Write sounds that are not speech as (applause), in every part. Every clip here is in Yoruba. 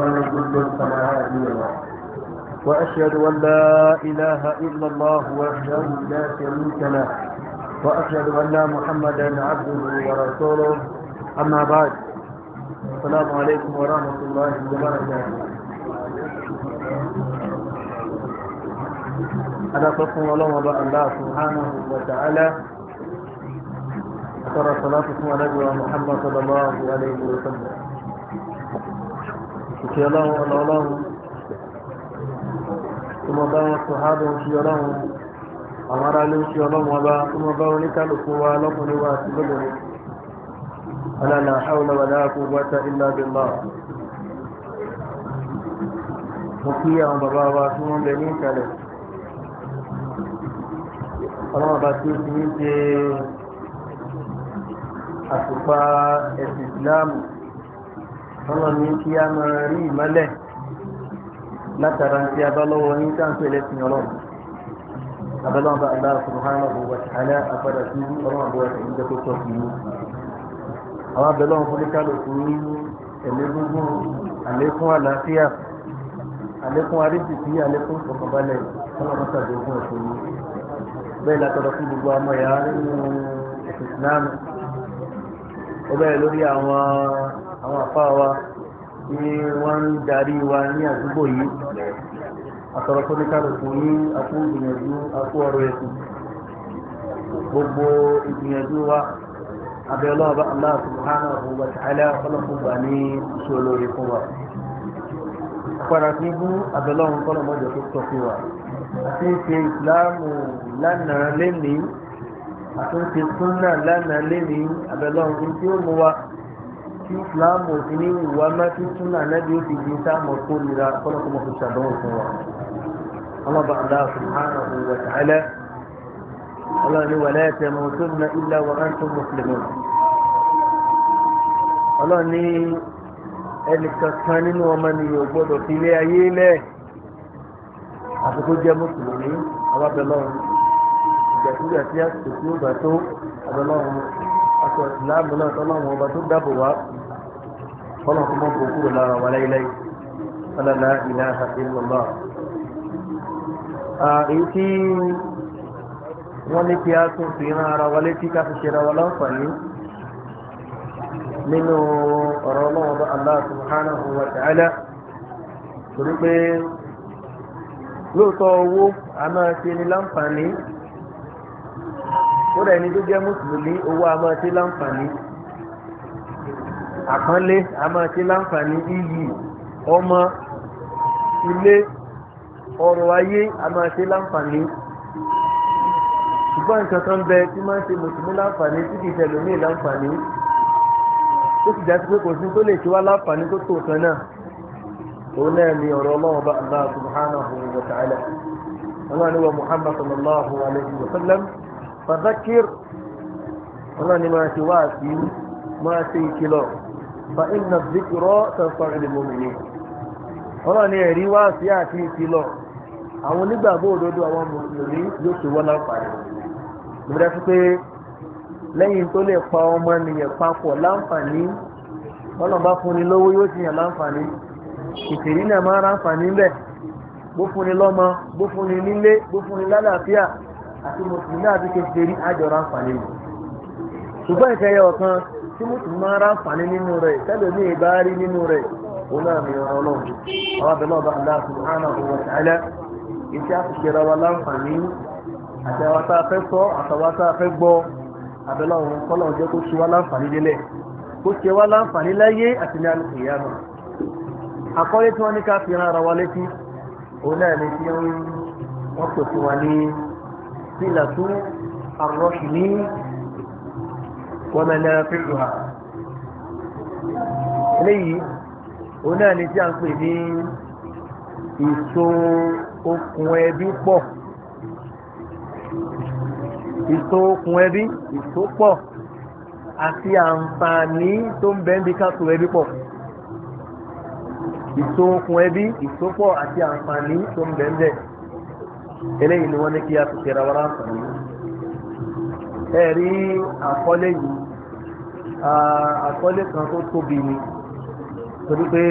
ونجد الصلاة الله وأشهد أن لا إله إلا الله وحده لا شريك له وأشهد أن محمدا عبده ورسوله أما بعد السلام عليكم ورحمة الله وبركاته أنا فصل الله وبعد الله سبحانه وتعالى اقرا صلاة الله على محمد صلى الله عليه وسلم ìkẹ́ ọlọ́run ọ̀nà ọlọ́run tó mọ bá wọn sọ hábọ̀ ń fi ọlọ́run àwọn ará ló ń fi ọlọ́run ọba tó mọ bá wọn níkàlùkù wa lọ́kùnrin wa àti lóbìnrin ọlọ́nà àhàwọ̀lá wà láàkó wáta ilá bímbà mo kí àwọn bàbá wa tí wọ́n bẹ ní ìkàlẹ̀ ọlọ́run ọba tí ó ti ní ṣe àtùpà ẹ̀sìn ìsìláàmù ọlọ́run ní kí a máa rí ìmọ́lẹ̀ látara tí a bá lọ́wọ́ ní káńtó ẹlẹ́sìn ọlọ́run abẹ́lọ́wọ́n bá Allah subhanahu wa ta'ala àpadà sí ọlọ́run àbúrò ẹ̀sìn ìjẹ́ tó tọ́ sí i àwọn abẹ́lọ́wọ́n fún kálukú ní ẹ̀mí gúngún àlékún àlàáfíà àlékún àrísìkí àlékún ìfọ̀kànbalẹ̀ ọlọ́run tàbí ogún ẹ̀sìn yìí bẹ́ẹ̀ látọ̀dọ̀ fún gbogbo ọmọ ìyá nínú ìsìlámù ó bẹ́ẹ̀ lórí àwọn àwọn àfá wa tí wọ́n ń darí wa ní àdúgbò yìí àtọ̀rọ̀ tó ní kálukú ní akú ìgbìyànjú akú ọ̀rọ̀ ẹ̀sìn gbogbo ìgbìyànjú wa abẹ́ ọlọ́ọ̀bá Allah subhanahu wa ta'ala ọlọ́kùnbà ní ìṣòro ìfún wa padà sí bú àbẹ̀lọ́run kọ́lọ̀mọ́jọ́ tó tọ́ fún wa àti ń ṣe ìsìláàmù lánàá lẹ́nìí àti ń tí islam ò sí ní ìwà mẹ́tí súnà lẹ́bi ó fi di sáàmù tó nira kọ́lọ́kọ́ fi ṣàdánwò fún wa ọlọ́ba allah subhanahu wa ta'ala ọlọ́ni wà láyàtẹ̀ mọ̀ tó na illa wa antum muslimun ọlọ́ni ẹnìkankan nínú ọmọ nìyẹn gbọ́dọ̀ fi ilé ayé lẹ̀ àkókò jẹ́ mùsùlùmí abábẹ́lọ́run ìgbàkúgbà tí àsìkò tí ó gbà tó abẹ́lọ́run aṣọ ìsìláàmù náà tọ́lọ́run ọba tó dáàbò wá kọ́nà kó mọ́ gbogbo lára wa láíláí ọlọ́lá ilaha illallah èyí tí wọ́n ní kí a tún fi ran ara wa létí ká fi ṣe ra wa láǹfààní nínú ọ̀rọ̀ ọlọ́wọ́ bá Allah subhanahu àpọ́nlé a máa ṣe láǹfààní iyì ọmọ ilé ọrọ̀ ayé a máa ṣe láǹfààní ṣùgbọ́n nǹkan kan bẹ tí máa ń ṣe mùsùlùmí láǹfààní tí kìí ṣe ẹlòmíì láǹfààní ó sì jásí pé kò sí tó lè ṣe wá láǹfààní tó tó kan náà òun náà ni ọ̀rọ̀ ọlọ́run bá Allah subhanahu wa ta'ala ọlọ́run wa Muhammad sallallahu alayhi wa sallam fadakir ọlọ́run ni máa ṣe wáàsí máa ṣe ìkìlọ̀ fa inna dhikra tanfa'ul mu'minin ọlọ́run ní ẹ̀rí wá sí àti ìfilọ̀ àwọn onígbàgbọ́ òdodo àwọn mùsùlùmí yóò ṣe wọ́n láǹfààní ìbúdá sí pé lẹ́yìn tó lè pa ọmọ nìyẹn papọ̀ láǹfààní ọlọ́run bá fúnni lówó yóò ti yàn láǹfààní ìtìrí náà máa ráǹfààní bẹ̀ bó fúnni lọ́mọ bó fúnni nílé bó fúnni lálàáfíà àti mùsùlùmí àti kékeré tí mo tún máa ráǹfààní nínú rẹ̀ tẹ́lẹ̀ mi ì bá rí nínú rẹ̀ òun náà mi ọ̀rọ̀ ọlọ́run àwọn abẹ́lẹ́ ọba àdá subhanahu wa ta'ala iṣẹ́ àṣìṣẹ́ra wa láǹfààní àti àwọn tá a fẹ́ sọ àtàwọn tá a fẹ́ gbọ́ abẹ́lẹ́ ọ̀run kọ́lọ́run jẹ́ kó ṣe wá láǹfààní délẹ̀ kó ṣe wá láǹfààní láyé àti ní alùpùpù àkọ́lé tí wọ́n ní ká fi ara wa létí òun náà ni tí wọ́n pè wa ní sílà tún àrọ́ṣì ní ومنافعها eléyìí òun náà ni tí a ń pè ní ìso okùn ẹbí pọ̀ ìso okùn ẹbí ìso pọ̀ àti àǹfààní tó ń bẹ ń bí káso ẹbí pọ̀ ìso okùn ẹbí ìso pọ̀ àti àǹfààní tó ń bẹ ń bẹ eléyìí ni wọ́n ní kí a fi ṣe ra ẹ̀rí àkọlé Ah, àkọlé kan tó tóbi ni torí pé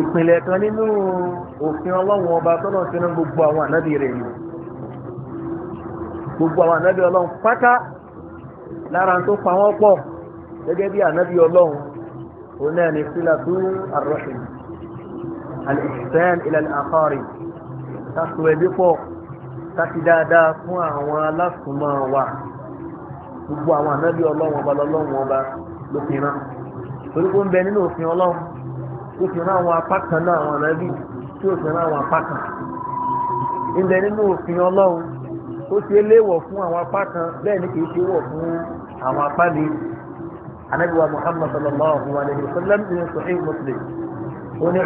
ìpìlẹ̀ kan nínú òfin ọlọ́run ọba tọ́lọ̀ sínú gbogbo àwọn ànábì rẹ̀ ni gbogbo àwọn ànábì ọlọ́run pátá lára tó pa wọ́n pọ̀ gẹ́gẹ́ bí ànábì ọlọ́run òun náà fún àwọn alásùnmọ́ wa. gbogbo àwọn anabi ọlọ́run ọba lọ́lọ́run ọba ló fi rán torí pé ń bẹ nínú òfin ọlọ́run ó fi rán àwọn apá kan náà àwọn ànábì tí ó fi rán àwọn apá kan ń bẹ nínú òfin ọlọ́run ó ṣe fún àwọn apá kan bẹ́ẹ̀ ni kìí ṣe wọ̀ fún àwọn apá mi wa muhammad sallallahu alayhi wa sallam ní sahih muslim ó ní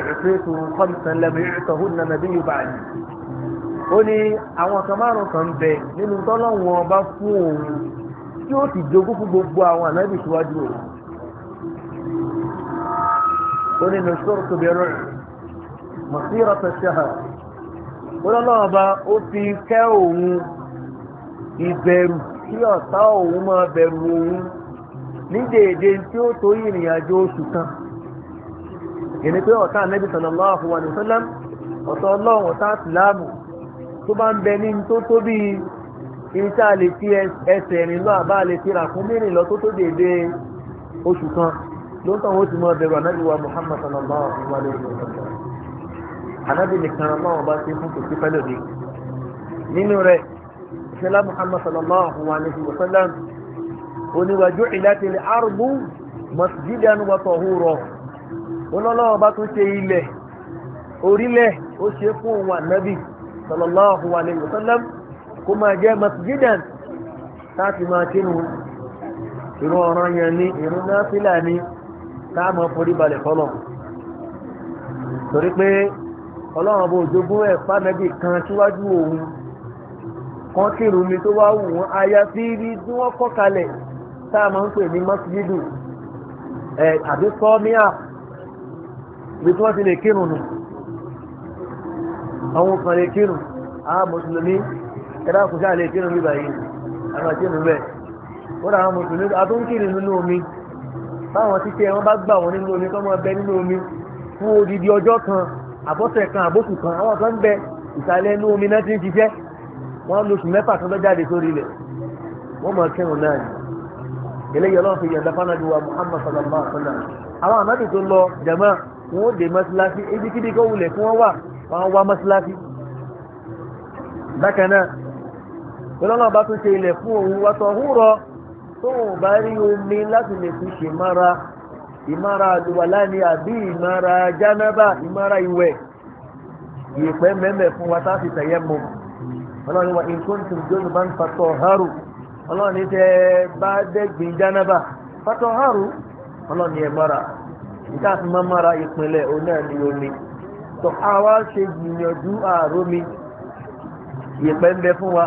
ó ní ọba fún tí ó ti jogún fún gbogbo àwọn ànábì síwájú rẹ̀ o. ní na tó bẹ̀rẹ̀ ma si ó ó ti kẹ́ òun ìbẹ̀rù kí ọ̀tá òun máa bẹ̀rù òun ní dèédé tí ó tó ìrìn àjò oṣù kan ìní pé ọ̀tá ànábì sallallahu ibi tá a lè fi ẹsẹ̀ rìn lọ àbá lè fi ràkúnmí rìn lọ tó tó dédé oṣù kan ló ń tàn wọ́n ti mọ bẹ̀rù anábì wa Muhammad sallallahu alayhi wa sallam anábì nìkan láwọn bá masjidan wa tahura olọ́lọ́wọ́ bá tún ṣe ilẹ̀ orílẹ̀ ó ṣe fún òun ànábì sallallahu alayhi wa sallam kó máa jẹ́ masjidan láti máa kínú ìrún ọ̀ràn yẹn ní ìrún náfìlà ní táàmù forí balẹ̀ fọlọ̀ torí pé ọlọ́run bó jogún ẹ̀ pàmẹ́bì kan síwájú òun kan kírun mi tó wá wù wọ́n àyàfi ibi tí wọ́n kọ́ kalẹ̀ táàmù ń pè ní masjidu ẹ̀ àbí sọ́míà ibi tí wọ́n ti lè kírun nù àwọn kan lè kírun àwọn mùsùlùmí ẹ̀dá kò sáà lè kírun bí báyìí àwọn àti ìrùn bẹ́ẹ̀ wọ́n àwọn mùsùlùmí atúnkiri nínú omi báwọn títí ẹ̀ wọ́n bá gbà wọ́n nínú omi kọ́ mọ́ bẹ nínú omi fún odidi ọjọ́ kan àbọ̀sẹ̀ kan àbóṣù kan àwọn kan bẹ ìsàlẹ̀ inú omi náà ti ń ṣiṣẹ́ wọ́n lóṣù mẹ́fà kan tó jáde sórí ilẹ̀ wọ́n mọ̀ kírun náà ni eléyìí ọlọ́run fi yọ̀ǹda fánàbí wa muhammad sallallahu alaihi wa sallam àwọn àmọ́bì tó lọ jama wọn ó dé mọ́síláṣí ebíkíbi kó wulẹ̀ fún wọn wà wọn wá mọ́síláṣí bákan náà lọ́nà bá tún ṣe ilẹ̀ fún òun wá tán húrọ tóun bá rí omi láti lè fi ṣe mára ìmára àlùwàlá ni àbí ìmára jánábà ìmára ìwẹ̀ ìpẹ́ mẹ́mẹ́ fún wa tá a fi tẹ̀yẹ́ mu ọlọ́run wa ìkóńtù jóni bá ń fatọ̀ haru ọlọ́run ní tẹ́ bá dẹ́gbìn jánábà fatọ̀ haru ọlọ́run ní ẹ̀ mọ́ra ìta fi máa mọ́ra ìpínlẹ̀ òun náà ní omi tọ́ ṣe gbìyànjú àrómi ìpẹ́ ń fún wa.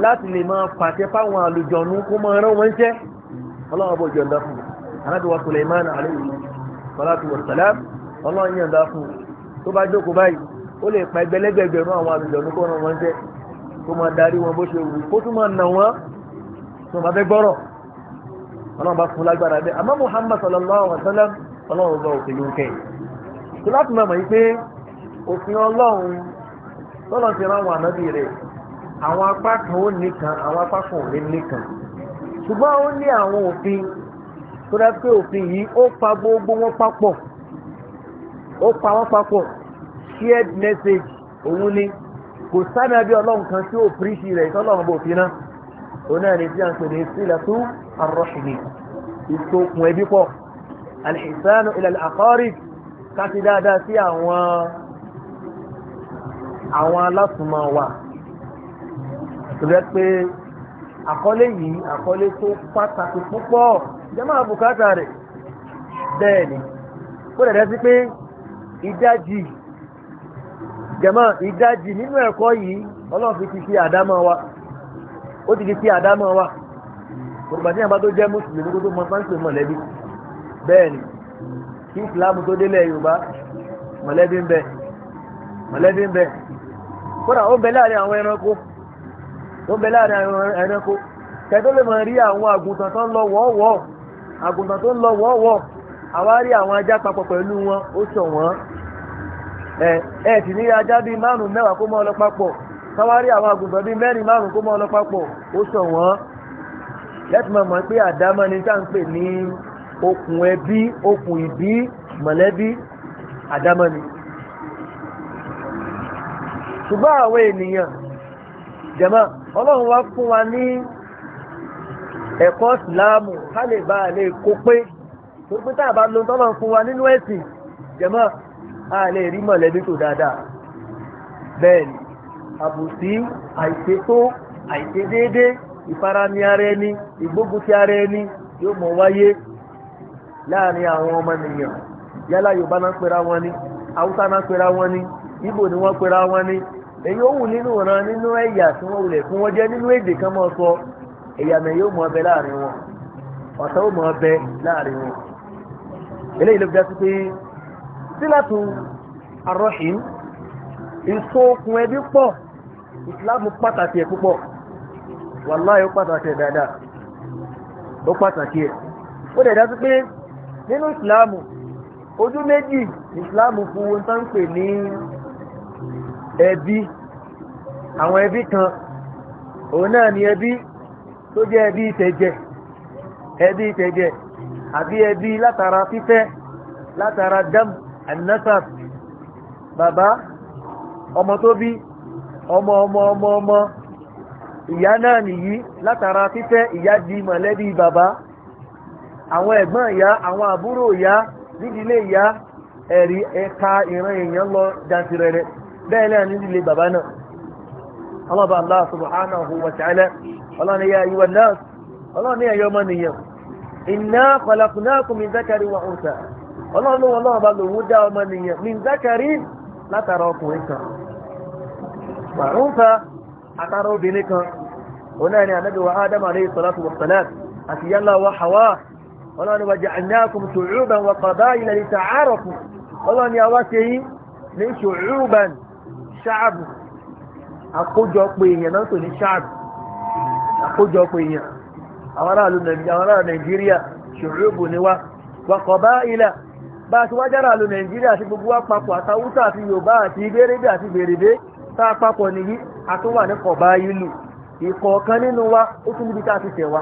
láti lè máa pàṣẹ fáwọn àlùjọ̀nù kó máa rán wọn ṣẹ́ ọlọ́run bó jọ̀ǹda fún anábì wa Sulaiman alayhi salatu wa salam ọlọ́run yọ̀ǹda fún tó bá jókòó báyìí ó lè pa ẹgbẹ̀lẹ́gbẹ̀gbẹ̀rún àwọn àlùjọ̀nù kó rán wọn ṣẹ́ kó máa darí wọn bó ṣe wù kó tún máa nà wọ́n tó máa fẹ́ gbọ́rọ̀ ọlọ́run bá fún lágbára bẹ́ẹ̀ àmọ́ Muhammad sallallahu alayhi wa sallam ọlọ́run bá òfin ló ń kẹ́ tó láti máa mọ̀ yí pé òfin ọlọ́run tọ́lọ́ ti rán àwọn ànábì rẹ̀ àwọn apá kan ó nìkan àwọn apá kan ò lè nìkan ṣùgbọ́n ó ní àwọn òfin tó dá pé òfin yìí ó pa gbogbo wọn papọ̀ ó pa wọn papọ̀ shared message òun ni kò sáni abẹ́ ọlọ́run kan tí ó píríṣì rẹ̀ ìtọ́lọ́run bò fi náà òun náà ni tí a ń pè ní sílatu arrahimi ìsokùn ẹbí pọ̀ alìsánù ilẹ̀ àkọ́rìb káti dáadáa sí àwọn àwọn alásùnmọ̀ wa tó jẹ́ pé àkọlé yìí àkọlé tó pàtàkì púpọ̀ rẹ̀ bẹ́ẹ̀ ni kó dẹ̀ dẹ́sí pé ìdájì jẹ́mọ́ ìdájì nínú ẹ̀kọ́ yìí ti fi àdámọ́ wa ó ti fi fi àdámọ́ wa àbá tó jẹ́ mùsùlùmí tó mọ sáńsì mọ̀lẹ́bí bẹ́ẹ̀ ni kí ìsìlámù tó délẹ̀ yorùbá mọ̀lẹ́bí ń bẹ mọ̀lẹ́bí ń bẹ kódà ó ń bẹ láàrin àwọn ẹranko tó ń bẹ láàrin àwọn ẹranko kẹtó lè máa rí àwọn àgùntàn tó ń lọ wọ́ọ̀wọ́ àgùntàn tó ń lọ wọ́ọ̀wọ́ àwa rí àwọn ajá papọ̀ pẹ̀lú wọn ó sọ wọ́n ẹ ẹ sì ní ajá bíi márùn mẹ́wàá kó máa lọ papọ̀ káwá rí àwọn àgùntàn bíi mẹ́rin márùn kó máa lọ papọ̀ ó sọ wọ́n lẹ́tì mọ̀ pé àdámọ́ ni tá à ń pè ní okùn ẹbí okùn ìbí mọ̀lẹ́bí àdámọ́ ni ṣùgbọ́n àwọn ènìyàn jẹ̀mọ́ ọlọ́run wá fún wa ní ẹ̀kọ́ ìsìláàmù ká lè bá lè kó pé tó pé tá a bá lo tọ́lọ́run fún wa nínú ẹ̀sìn jẹ̀mọ́ a lè rí mọ̀lẹ́bí tó dáadáa bẹ́ẹ̀ ni àbùsí àìṣètò àìṣedéédé ìfarami ara ẹni ìgbógun ti ara ẹni yóò mọ̀ wáyé láàrin àwọn ọmọnìyàn yálà Yorùbá náà pera wọn ni Haúsá náà pera wọn ni Ìgbò ni wọ́n pera wọn ni èyí ó wù nínú ìran nínú ẹ̀yà tí wọ́n wulẹ̀ fún wọn jẹ́ nínú èdè kan mọ́ sọ ẹ̀yà mẹ́ mọ ọbẹ̀ láàrin wọn ọsọ ó mọ ọbẹ̀ láàrin wọn. eléyìí ló fi dá sí pé sílátù arọ́hìn ìsokùn ẹbí pọ̀ ìsìláàmù pàtàkì ẹ̀ púpọ̀ wàláyé pàtàkì ẹ̀ dáadáa ó pàtàkì ẹ̀ ó dẹ̀ dá sí pé nínú ìsìláàmù ojú méjì ìsìláàmù fún wọn ẹbí àwọn ẹbí kan òun náà ni ẹbí tó jẹ́ ẹbí ìtẹ̀jẹ̀ ẹbí ìtẹ̀jẹ̀ àbí ẹbí látara fífẹ́ látara dam bàbá ọmọ tó bí ọmọ ọmọ ọmọ ọmọ ìyá náà nìyí látara fífẹ́ ìyá di mọ̀lẹ́bí bàbá àwọn ẹ̀gbọ́n ìyá àwọn àbúrò ìyá nídìílé ìyá ẹ̀rí ìran èèyàn lọ jantirẹrẹ bẹ́ẹ̀ náà ní ilé bàbá náà ọlọ́ba Allah subhanahu wa ta'ala ọlọ́ni ya ayyuha an-nas ọlọ́ni ẹ̀yọ́ ọmọ nìyẹn inna khalaqnakum min zakari wa unsa ọlọ́ni wọn náà bá lòun dá ọmọ nìyẹn min zakari látara ọkùnrin kan wa unsa àtàrà obìnrin kan òun náà ni ànábì wa Adam ṣáàbù àkójọpọ̀ èèyàn náà tó ní ṣáàbù àkójọpọ̀ èèyàn àwọn aráàlú nàìjíríà ni wá wàkọ̀bá ilẹ̀ bá ti wá jára àlú nàìjíríà sí gbogbo àpapọ̀ àtàwútà àti yorùbá àti ibérébé àti bèrèbé tá àpapọ̀ nìyí àtúnwà ní wa ó tún níbi tá a ti tẹ̀ wá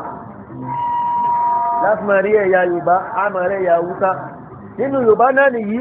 láti máa rí ẹ̀yà yorùbá a máa rí ẹ̀yà haúsá nínú yorùbá náà nìyí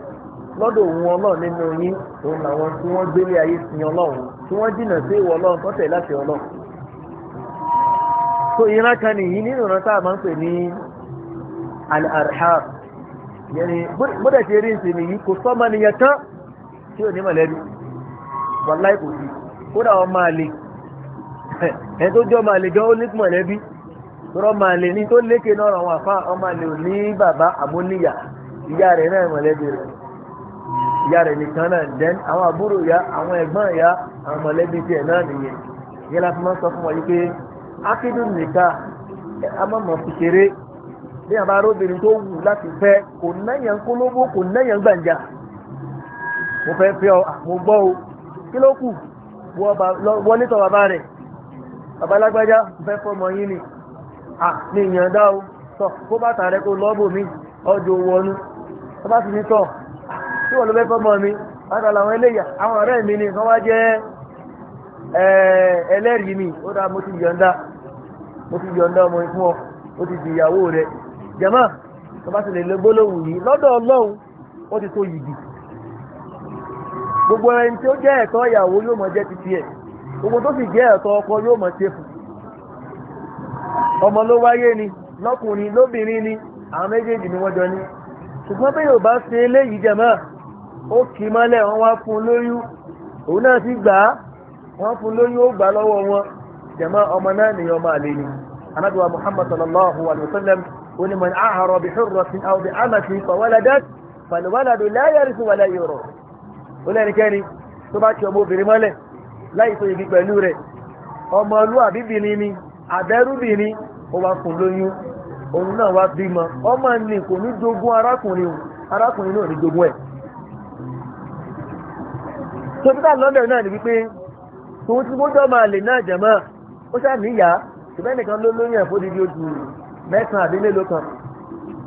lọ́dọ̀ òun ọlọ́run nínú yín òun làwọn tí wọ́n gbélé ayé sin ọlọ́run tí wọ́n jìnnà sí ìwọ ọlọ́run tọ́tẹ̀ láti ọlọ́run. tó ìran kan nìyí nínú ìran tá a máa ń pè ní al yẹni bódà ti rí ìsìn nìyí kò sọ́mọ nìyẹn tán tí ò ní mọ̀lẹ́bí sí kódà máa ẹ tó jọ máa le gan ó ní mọ̀lẹ́bí tọ́rọ máa le ní tó lékè náà àfa ò ní bàbá àmúníyà ìyá rẹ̀ náà ìyá rẹ̀ nìkan náà then àwọn àbúrò ìyá àwọn ẹ̀gbọ́n ìyá àwọn mọ̀lẹ́bí tiẹ̀ náà nìyẹn yẹn láti máa ń sọ fún wọn yìí pé ákédùn nìkan a máa mọ̀ fi ṣeré bí àbá arábìnrin tó wù láti fẹ́ kò náyàn kólóbó kò náyàn gbàǹjà mo fẹ́ fẹ́ ọ mo gbọ́ o kí ló kù wọlé tọ̀ bàbá rẹ̀ bàbá lágbájá mo fẹ́ fọmọ yín ni à ní ìyàndá o tọ̀ kó bàtà rẹ kó lọ́bù mi ọjọ́ wọnú tó bá sì ní tọ̀ tí wọ́n ló fẹ́ mi wọ́n tọ́ làwọn eléyà àwọn ọ̀rẹ́ mi ni wọ́n wá jẹ́ ẹlẹ́rìí mi ó dáa mo ti ọmọ ìfún ọ mo ti di ìyàwó rẹ jẹ̀mọ́ tó bá ti lè yìí gbogbo ẹni tí ó jẹ́ ẹ̀tọ́ gbogbo tó sì jẹ́ ẹ̀tọ́ ọkọ yóò mọ̀ ṣe fún ọmọ ló wáyé ni lọ́kùnrin lóbìnrin ni ó kì í mọ́lẹ̀ wọ́n wá fún un lóyún òun náà sì gbà á wọ́n fún un lóyún ó gbà lọ́wọ́ wọn jẹ̀mọ́ ọmọ náà nìyẹn ọmọ àlè ni anábìwá muhammad sallallahu alayhi wa sallam ó ní man ahara bi hurratin aw bi amatin fawaladat falwaladu la yarisu wala yoro ó lẹ́nikẹ́ni tó bá ti ọmọ obìnrin mọ́lẹ̀ òun náà wá bímọ ọmọ ní kò ní jogún arákùnrin arákùnrin náà ní jogún ẹ̀ tó títà lọ́dọ̀ náà ni wípé tòun tí gbọ́dọ̀ máa lè náà jẹ̀mọ́ ó n'iya níyà ṣùgbọ́n nìkan ló lóyún ẹ̀fọ́ dídí ju mẹ́sàn-án àbí mélòó kan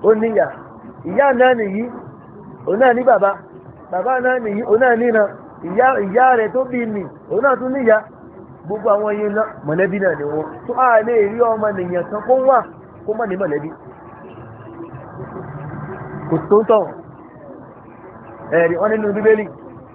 ó níyà ìyá náà nìyí òun náà ní bàbá bàbá náà nìyí òun náà ìyá rẹ̀ tó bí nì òun náà tún níyà gbogbo a lè rí ọmọ nìyẹn kan kó wà kó ní mọ̀lẹ́bí kò tó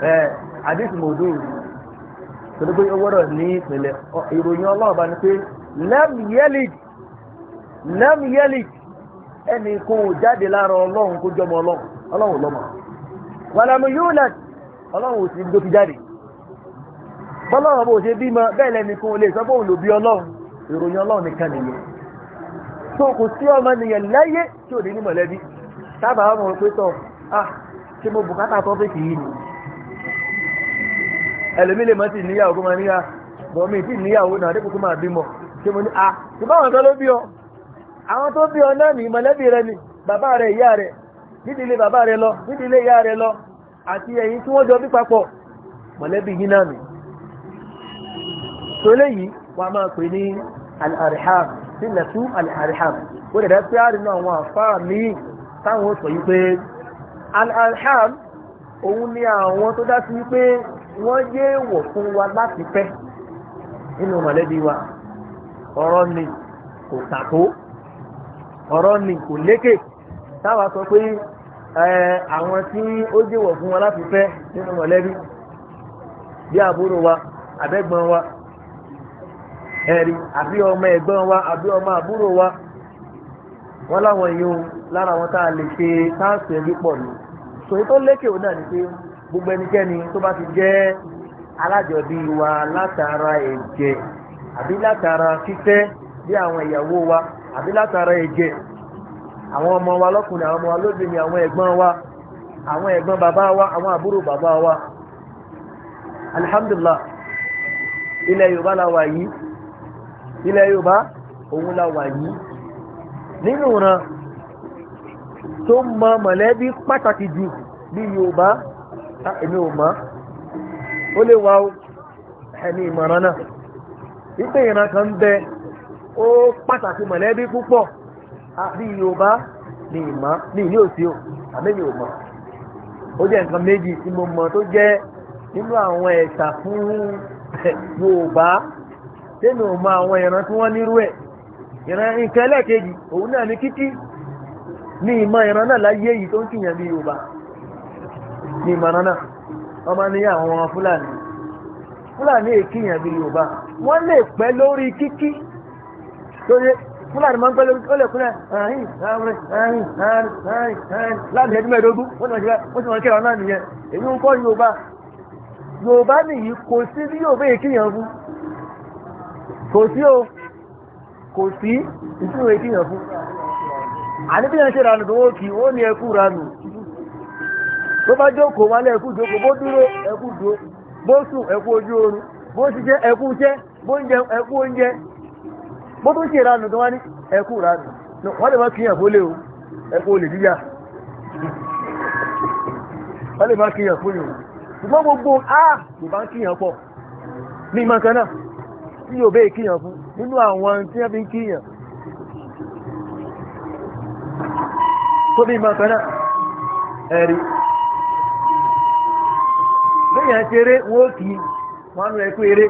àdìsí mòdù torí pé ní ìpìlẹ̀ ìròyìn ọlọ́ọ̀bá ni pé lam yalid lam yalid jáde lára ọlọ́run kó jọmọ ọlọ́run lọ́mọ walam yulad ọlọ́run ò jáde bọ́lọ́run bó ṣe bímọ bẹ́ẹ̀ lè sọ fóun bí ẹlòmí lè mọ́ sí níyàwó kó máa níyà bọ̀mí tí níyàwó náà dẹ́kun kó máa bímọ ṣé mo ní a ṣe báwọn tó ló bí ọ àwọn tó bí ọ náà ní mọ̀lẹ́bí rẹ ni bàbá rẹ ìyá rẹ nídìílé bàbá rẹ lọ nídìílé ìyá rẹ lọ àti ẹ̀yin tí wọ́n jọ bí papọ̀ mọ̀lẹ́bí yín náà nì tolé yìí wọ́n máa pè ní al-arham sí lẹ́tú al-arham ó dẹ̀ dẹ́ pé àrínú àwọn àfáà míì táwọn sọ yìí pé al-arham òun ni àwọn tó dá sí pé wọ́n yé wọ̀ fún wa láti fẹ́ nínú mọ̀lẹ́bí wa ọ̀rọ̀ ni kò tàkó ọ̀rọ̀ ni kò lékè táwa sọ pé àwọn tí ó yé wọ̀ fún wa láti fẹ́ nínú mọ̀lẹ́bí bí àbúrò wa àbẹ́gbọ́n wa ẹ̀rí àbí ọmọ ẹ̀gbọ́n wa àbí ọmọ àbúrò wa wọ́n láwọn yìí lára wọn tá a lè ṣe táàsì ẹ̀rí pọ̀ ní ṣòyí tó lékè ó náà ni pé gbogbo ẹnikẹ́ni tó bá ti jẹ́ alájọbí wa látara ẹ̀jẹ̀ àbí látara fífẹ́ bí àwọn ìyàwó wa àbí látara ẹ̀jẹ̀ àwọn ọmọ wa lọ́kùnrin àwọn ọmọ wa lóbìnrin àwọn ẹ̀gbọ́n wa àwọn ẹ̀gbọ́n bàbá wa àwọn àbúrò bàbá wa alhamdulillah ilẹ̀ yorùbá la wà yìí ilẹ̀ yorùbá òun la wà yìí nínú ìran tó mọ mọ̀lẹ́bí pàtàkì jù bí yorùbá èmi ò o ó wa o ẹni ìmọ̀ràn náà ìran kan bẹ ó pàtàkì mọ̀lẹ́bí púpọ̀ àbí Yorùbá ni ìmọ̀ ni ìní òsì o àmì mi ò ó jẹ́ nǹkan méjì tí mo mọ̀ tó jẹ́ nínú àwọn ẹ̀sà fún (laughs) Yorùbá àwọn ìran tí wọ́n nírú ẹ̀ ìran nǹkan ẹlẹ́ẹ̀kejì òun náà ní kíkí ìmọ̀ ìran náà láyé yìí tó ń kìyàn bí Yorùbá ní ìmọ̀ràn náà wọ́n máa ní àwọn ọmọ fúlàní fúlàní èkìyàn bí yorùbá wọ́n lè pẹ́ lórí kíkí lóye fúlàní máa ń pẹ́ lórí ó lè kúnlẹ̀ ààrin ààrin ààrin ààrin ààrin ààrin láàrin ẹdún mẹ́ẹ̀ẹ́dógún wọ́n ti máa kíra náà nìyẹn èyí ń kọ́ yorùbá yorùbá nìyí kò sí bí yorùbá èkìyàn fún kò sí o kò sí ìtúwèé èkìyàn fún àníbíyàn ṣe ránù tó wó kì ó ní ẹkú ránù bó bá jókòó wálé ẹkú jókòó bó dúró ẹkú dúró bó sùn ẹkú ojú oorun bó ṣiṣẹ́ ẹkú iṣẹ́ bó ń jẹun ẹkú oúnjẹ bó tún ṣe ìranù tó wá ní ẹkú ìranù wọ́n o ẹkú olè jíjà wọ́n lè má kíyàn (laughs) o ṣùgbọ́n gbogbo a kò bá kíyàn pọ̀ ní tí yóò bẹ́ẹ̀ kíyàn fún nínú àwọn tí wọ́n fi bẹ́yàn ṣeré a ó kì í wọ́n nú ẹkú eré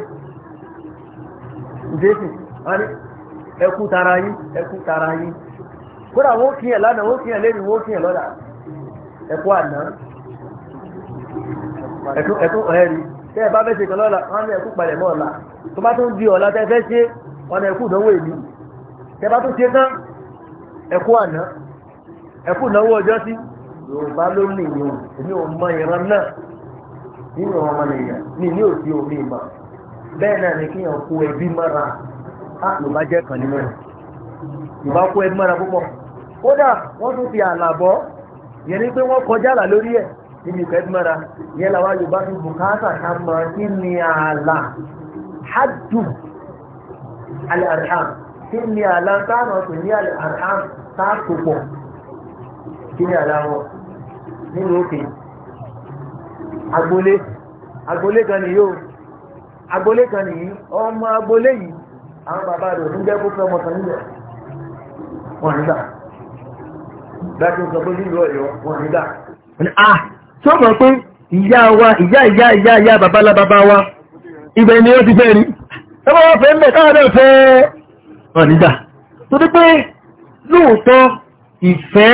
anyị wọ́n ní ẹkú tara yín ẹkú tara yín kódà wọ́n ó kì í ẹ̀ lánàá wọ́n ó kì í ẹ̀ lẹ́nu wọ́n ọla kì í ọla lọ́dà ẹkú àná ẹkú ẹkú ẹ̀rí tẹ́ ẹ bá fẹ́ ṣe kan lọ́la wọ́n ní ẹkú palẹ̀ na ọ̀la tó bá tún nínú ọmọ nìyàn ní ilé òsì omi ìmọ̀ bẹ́ẹ̀ náà ni kíyàn kó ẹbí mọ́ra á ló bá jẹ́ kan nínú ìbá kó ẹbí mọ́ra púpọ̀ kódà wọ́n tún fi ààlà bọ́ yẹn ni pé wọ́n kọjá àlà lórí ẹ̀ níbi ìkọ́ ẹbí mọ́ra yẹn làwọn Yorùbá fi bùkátà ká mọ kí ni ààlà hadu al-arham kí ni ààlà táwọn kò ní al-arham tá a kò pọ̀ kí ni ààlà wọn nínú òkè yìí agbolé agbolé kan nìyí o agbolé kan nìyí ọmọ agbolé yìí àwọn bàbá rẹ̀ ń jẹ́ kó fẹ́ ọmọ kan níbẹ̀ wọ́n nígbà dájú sọ pé nílùú ọ̀yọ́ wọ́n nígbà. ah tí ó mọ̀ pé ìyá wa ìyá ìyá ìyá ìyá bàbá bàbá wa ibẹ̀ ni ó ti fẹ́ rí ẹgbẹ́ wọn fẹ́ mẹ́ káàdẹ̀ fẹ́ wọ́n nígbà tó dé pé lóòótọ́ ìfẹ́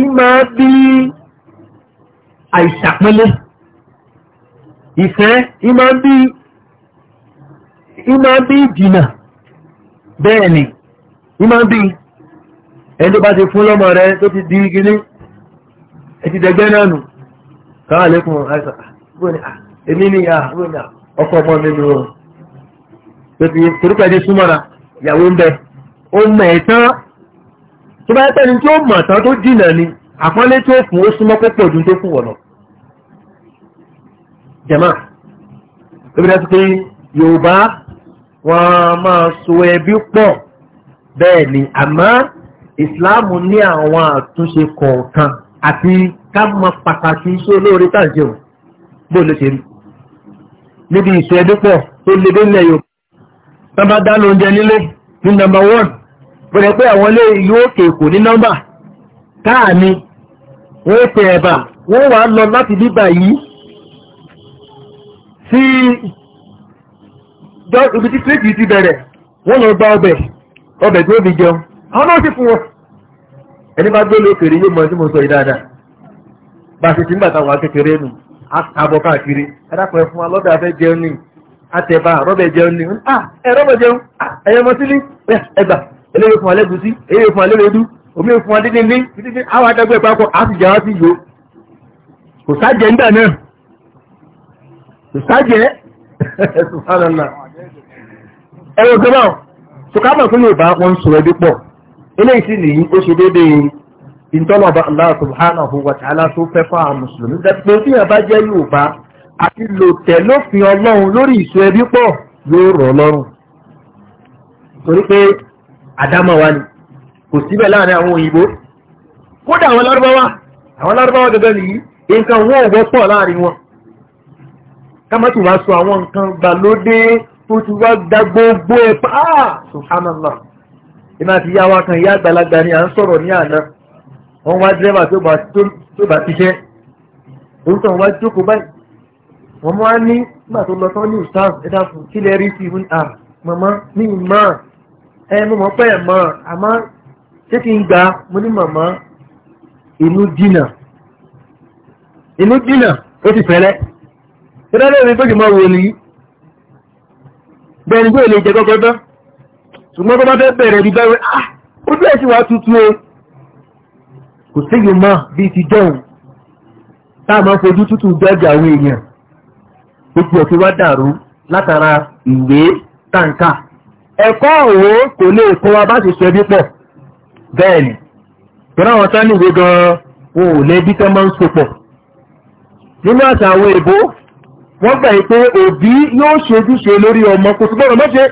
ìmọ̀ bí àìsàpẹ́lẹ́ ìfẹ́ ìmá bí ìdìnà bẹ́ẹ̀ ni ìmá bí ẹni tó bá ti fún lọ́mọ rẹ tó ti di gíní ẹti dẹgbẹ́ náà nù káàlékùn àìsàn ah, ah, èmi ni ah, ọkọ ọmọ mi nù ọ́ torípẹ́ ti súnmọ́ra ìyàwó ń bẹ ni àpọ́nlé tí ó fún jẹ̀mọ́ lóbi dájú pé yorùbá wọ́n máa so ẹbí pọ̀ bẹ́ẹ̀ ni àmọ́ ìsìláàmù ní àwọn àtúnṣe kọ̀ọ̀kan àti ká mọ pàtàkì iṣẹ́ olóore tá à ń ṣeun bó ló ṣe rí níbi ìṣe ẹbí pọ̀ tó le dé ilẹ̀ yorùbá tó bá dá lóúnjẹ nílé ní nọ́mbà one bẹ̀rẹ̀ pé àwọn ilé ìlú òkè èkó ní nọ́mbà káà ni wọ́n pe ẹ̀bà wọ́n wàá lọ láti bíbà yìí ibi tí tíréjì ti bẹ̀rẹ̀ wọ́n lọ gba ọbẹ̀ ọbẹ̀ tí ó fi jẹun àwọn náà sì fún wọn ẹni bá gbé lókèrè yóò mọ tí mo sọ bá a ṣe ti ń kékeré nù àbọ̀ káàkiri ẹ̀dàpọ̀ ẹ̀fún alọ́bẹ̀ jẹun ní àtẹ̀bà rọ́bẹ̀ jẹun ní ẹ̀rọ́bẹ̀ jẹun sílí ẹgbà fún alẹ́gùsí eléyè fún omi fún adídín ní títí àwọn wá sí kò sájẹ́ nígbà náà (laughs) ẹ̀rọ gbọ́dọ̀ sùkámọ̀ fún yorùbá wọn sọ ẹbí pọ̀ eléyìí sì nìyí ó ṣe déédéé ìtọ́lọ̀bà Allah subhanahu wa tó fẹ́ fún àwọn mùsùlùmí gbẹ̀gbẹ̀ tí yẹn bá jẹ́ yorùbá àti lò tẹ̀lófin ọlọ́run lórí ìṣó ẹbí pọ̀ yóò rọ̀ lọ́rùn torí pé àdámọ̀ wa ni kò síbẹ̀ láàrin àwọn òyìnbó kódà àwọn lárúbáwá àwọn lárúbáwá gẹ́gẹ́ nìyí nǹkan wọn ò wọ́pọ̀ láàrin wọn ká àwọn nǹkan gbàlódé tó ti wá gba gbogbo ẹ̀ pa ah! subhanallah ìmọ̀ àti ìyá wa kan ìyá àgbàlagbà ni à ń sọ̀rọ̀ ní àná wọ́n wá dírẹ́bà tó bá tiṣẹ́ orúkọ wọn wá jókòó báyìí wọ́n wá ní nígbà tó lọ tán ní ìsáàf ẹ̀dá fún kí lè rí sí ìwé à màmá ní ìmọ̀ ẹ mo mọ̀ pé mọ̀ àmọ́ ṣé kí n gbà mo ní màmá inú dínà inú dínà ó ti fẹ́lẹ́ ìdálẹ́ mi tó ti mọ̀ wò nìyí bẹ̀rù gbé ilé ìjẹ́gọ́ gẹ́gẹ́ ṣùgbọ́n tó bá fẹ́ bẹ̀rẹ̀ rí bẹ́rẹ̀ ah ojú ẹ̀ sì wá tuntun o kò séyìí mọ́ bí ti jẹun tá a máa ń fojú tútù jọ́jà àwọn èèyàn gbogbo ẹ̀ ti wá dàrú látara ìwé tàǹkà ẹ̀kọ́ òwò kò lè kọ́ wa bá ti sọ ẹbí pọ̀ bẹ́ẹ̀ ni tọ́lá àwọn tá níwèé gan-an wọn ò lẹ́bí tẹ́ máa ń sopọ̀ nínú àṣà àwọn èèbó wọ́n gbà yí pé òbí yóò ṣe ojúṣe lórí ọmọ kò túbọ̀ ọmọ ṣe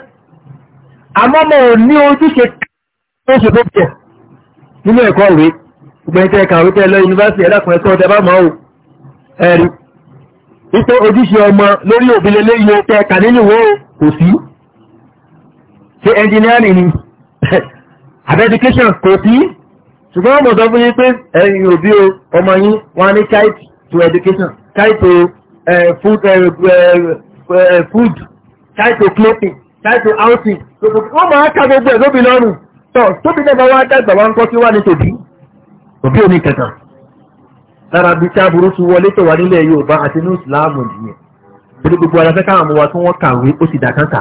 àmọ́ ọmọ ò ní ojúṣe tó ṣe tó bẹ̀ nínú ẹ̀kọ́ rèé gbẹ̀yìn tẹ́ kàwé tẹ́ lọ yunifásitì ẹ̀dàkùnrin tó ọdẹ bá máa wò ẹ̀rí wípé ojúṣe ọmọ lórí òbí lélẹ́ yìí tẹ́ kà nínú ìwé kò sí ṣe ẹnjìnírìn ni (laughs) àbẹ́ education kò sí ṣùgbọ́n ọmọ sọ fún yín pé ẹ̀yin òbí o ọmọ yín wọ́n á ní child to education child Eh, food eh, eh, food Try try to to clothing, cytoclothing cytoouting wọ́n máa ká gbogbo ẹ̀ lóbi lọ́rùn tọ́ tóbi náà bá wá dàgbà wá ń kọ́ sí wà ní tòbí òbí òní kẹta lára bí tí aburú ti wọlé tó wà nílẹ̀ Yorùbá àti ní ìsìláàmù nìyẹn torí gbogbo ara fẹ́ káwọn ọmọ wa tí wọ́n kàwé ó sì dàkán kà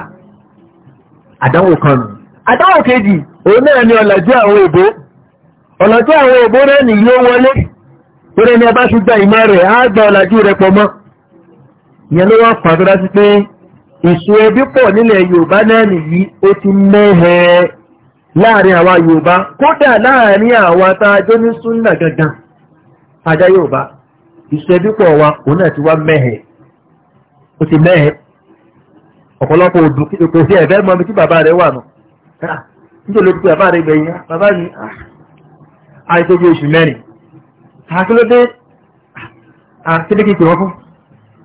àdánwò kan nù àdánwò kejì òun náà ni ọ̀làjú àwọn èbó ọ̀làjú àwọn èbó náà nìyí ó wọlé torí ẹni ẹ bá ṣùgbọ́n ìmọ̀ rẹ̀ á gba ọ̀làjú rẹ̀ pọ̀ mọ́ ìyẹn ló wá fà sí pé ẹbí pọ̀ nílẹ̀ Yorùbá náà nìyí ó ti láàrin àwa Yorùbá kódà láàrin àwa tá a jẹ́ ní súnà gangan ajá Yorùbá wa òun náà ti wá ó ti ọ̀pọ̀lọpọ̀ sí ẹ̀fẹ́ bàbá rẹ̀ wà nù ah,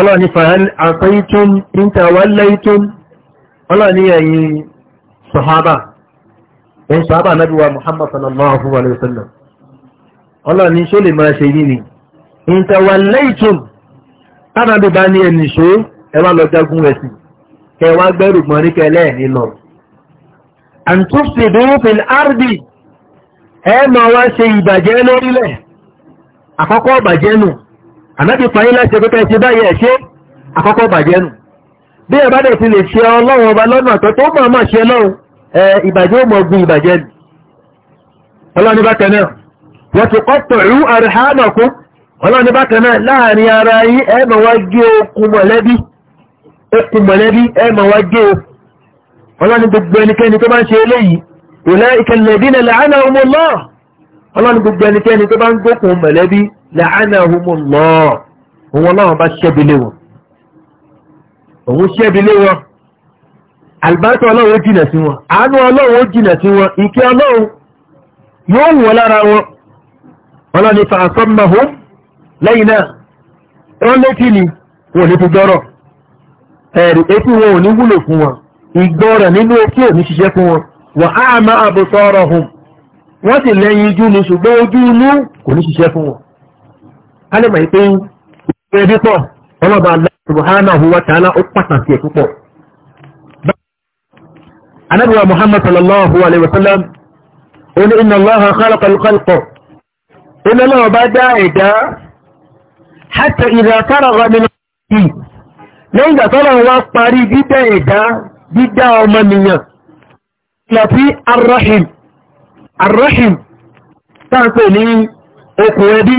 ọlọ́ni fàhán àtọ́ítún ìntàwálẹ́ítún ọlọ́ni ẹ̀yìn sọ̀hábà ẹ̀yìn sọ̀hábà nábíwá Muhammad sallallahu alaihi wasallam ọlọ́ni ṣó lè máa ṣe yìí ìntàwálẹ́ítún tánàbí bá ní ẹni ṣó ẹwà lọ jagun ẹ̀sìn kẹwà gbẹ́rù gbọ́n ní kẹlẹ́ ní lọ àǹtúfìdú fil ardi ẹ máa wá ṣe ìbàjẹ́ lórílẹ̀ àkọ́kọ́ ìbàjẹ́ nù ànábì pààyín láti ẹgbẹ́ ẹ̀ṣẹ́ báyìí ẹ̀ṣẹ́ àkọ́kọ́ bàjẹ́ nù bí ẹ bá dẹ̀ ti lè ṣe ọlọ́run ọba lọ́nà àtọ́ tó mọ̀ mọ̀ ṣe lọ́run ẹ ìbàjẹ́ ò mọ̀ gun ìbàjẹ́ nù ọlọ́ni bákan náà wọ́n ti kọ́tọ̀ rú àríhánàkún ọlọ́ni bákan náà láàrin ara yí ẹ máa wá gé okùn mọ̀lẹ́bí okùn mọ̀lẹ́bí ẹ ọlọ́ni la'anahumullah òun ọlọ́run bá ṣẹ́bilé wọn òun ṣẹ́bilé wọn àlùbáṣọ ọlọ́run ó jìnà sí wọn àánú ọlọ́run ó jìnà sí wọn ìkẹ́ ọlọ́run yóò wọ lára wọn ọlọ́ni fàásọ́mọ̀hó lẹ́yìn náà wọ́n létí ni wọ́n lè fi gbọ́rọ̀ ẹ̀rì ní ṣùgbọ́n ojú inú kò ní ṣiṣẹ́ fún wọn kálẹ̀mọ̀ yìí pé ẹbí pọ̀ ọlọ́ba subhanahu wa ta'ala ó pàtàkì ẹ̀ púpọ̀. anábìwá muhammad sallallahu alayhi wa sallam ó ní inna allaha khalaqa al-khalqa ó ní ọlọ́wọ́ bá dá ẹ̀dá hatta idha faragha min ọ̀sìn lẹ́yìn ìgbà tọ́lọ̀ wá parí dídá ẹ̀dá dídá ọmọnìyàn lọ́fí arrahim arrahim táà pè ní okùn ẹbí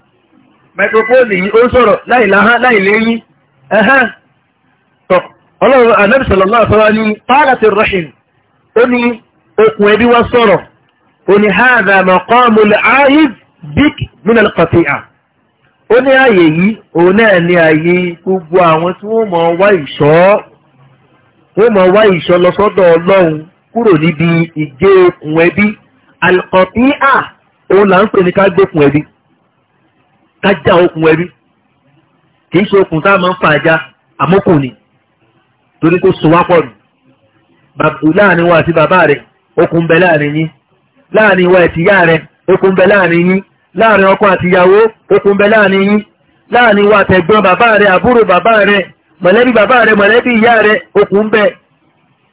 microphone yìí ó ń sọ̀rọ̀ láìláhán láìléyìn ẹ̀hán tọ̀ ọlọ́run anabi sallallahu alaihi wasallam ní tààlàtì rahim ó ní okùn ẹbí wá sọ̀rọ̀ ó ní hadha maqamul aid bik min al-qati'a ó ní ààyè yìí òun náà ní ààyè gbogbo àwọn tí wọ́n kájà okùn ẹbí kì í ṣe okùn tá a máa ń fa ajá àmókùn ni torí kó so wá pọ̀ nù láàrin wa àti bàbá rẹ̀ okùn bẹ láàrin yín láàrin wa àti ìyá rẹ̀ okùn bẹ láàrin yín láàrin ọkọ àti ìyàwó okùn bẹ láàrin yín láàrin wa àtẹ̀gbọ́n bàbá rẹ̀ àbúrò bàbá rẹ̀ mọ̀lẹ́bí bàbá rẹ̀ mọ̀lẹ́bí ìyá rẹ̀ okùn bẹ